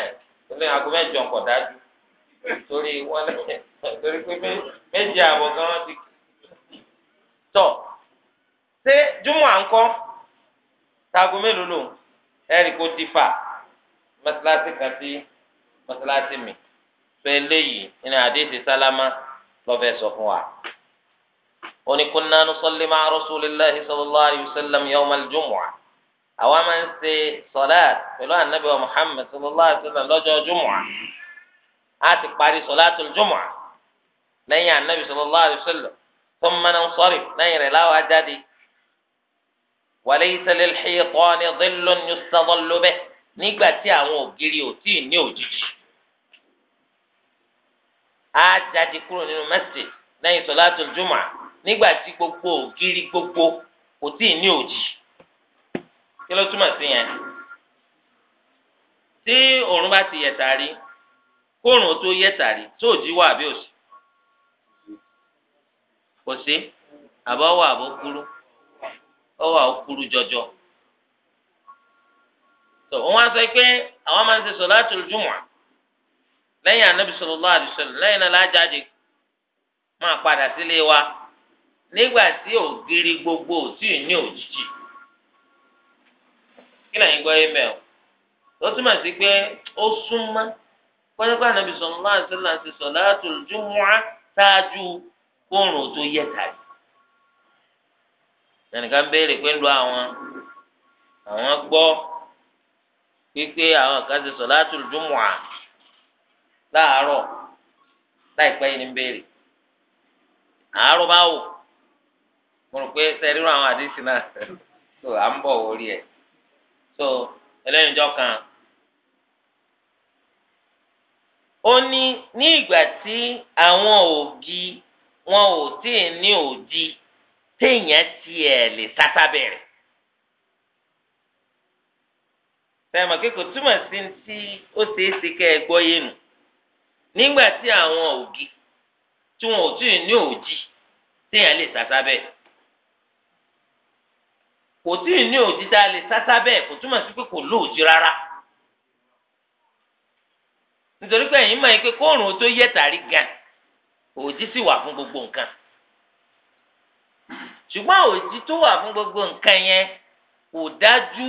torí aago mẹ́jọ ń pọ̀ dájú torí wọ́n lẹ́ torí pé méje àbọ̀ gan ti tọ̀ ṣé júmọ̀ à ń kọ́ taago mélòó lòun ẹ̀rí kò ti fà mọ́sálásí kan sí mọ́sálásí mi pé eléyìí ní àdéhìí sálámà lọ́fẹ̀ẹ́ sọ fún wa. ó ní kunna nusalli ma'a rasulillahi sallallahu alayhi wa sallam yawm al-jumu'ah àwa máa ń ṣe sọláàt pẹ̀lú ànábì wa muhammed sallallahu alayhi wa sallam lọ́jọ́ jumu'ah a ti parí sọláàtul jumu'ah lẹ́yìn ànábì sallallahu alayhi wa sallam thumma nansarif lẹ́yìn rẹ̀ láwa jáde walaysa lil á jáde kúrò nínú masjid lẹ́yìn solatul jumu'ah nígbà tí gbogbo ògiri gbogbo kò tíì ní òjì kí ló túmọ̀ sí yẹn tí òòrùn bá ti yẹ̀tà rí kóòrùn tó yẹ̀tà rí tó òjì wà àbí òsì kò sí àbọ̀ wà àbọ̀ kúrú ọwọ́ àwọn kúrú jọjọ. tó wọ́n á sọ pé àwọn máa ń ṣe solatul jumu'ah lẹ́yìn anabi sallallahu alaihi wasallam lẹ́yìn náà lájáde máa padà sílé wa nígbà tí ògiri gbogbo ò tí ì ní òjijì kí lẹ́yìn gbọ́ yín bẹ́ẹ̀ o ó túmọ̀ sí pé ó súnmọ́ pẹ́ẹ́pẹ́ anabi sallallahu alaihi wasallam ti salatul jumu'a ṣáájú kóòrùn tó yẹ tàbí ẹnìkan béèrè pé ń lo àwọn àwọn gbọ́ pípé àwọn kan ti salatul jumu'a. láàárọ̀ láìpẹ́ yìí ní béèrè àárọ̀ bá wò mo rò pé sẹ́rírọ̀ àwọn àdìsí náà *laughs* so à ń bọ̀ orí ẹ̀ so ẹlẹ́yìn kan ó ní ní ìgbà tí àwọn ògì wọn ò tí ì ní òdi téèyàn tiẹ̀ lè sáta bẹ̀rẹ̀ sẹ́yìn túmọ̀ sí ti ó ṣeé ṣe kẹ́ ẹ gbọ́ yé nu. nígbà tí àwọn ògì tí wọn ò tí ì ní òjì téèyàn lè sásá bẹ́ẹ̀ kò tí ì ní òjì tá a lè sásá bẹ́ẹ̀ kò túmọ̀ sí pé kò lóòjì rárá nítorí pé ẹ̀yin mọ̀ yín pé kóòrùn tó yẹ tàrí gan òjì sì wà fún gbogbo nǹkan ṣùgbọ́n òjì tó wà fún gbogbo nǹkan yẹn kò dájú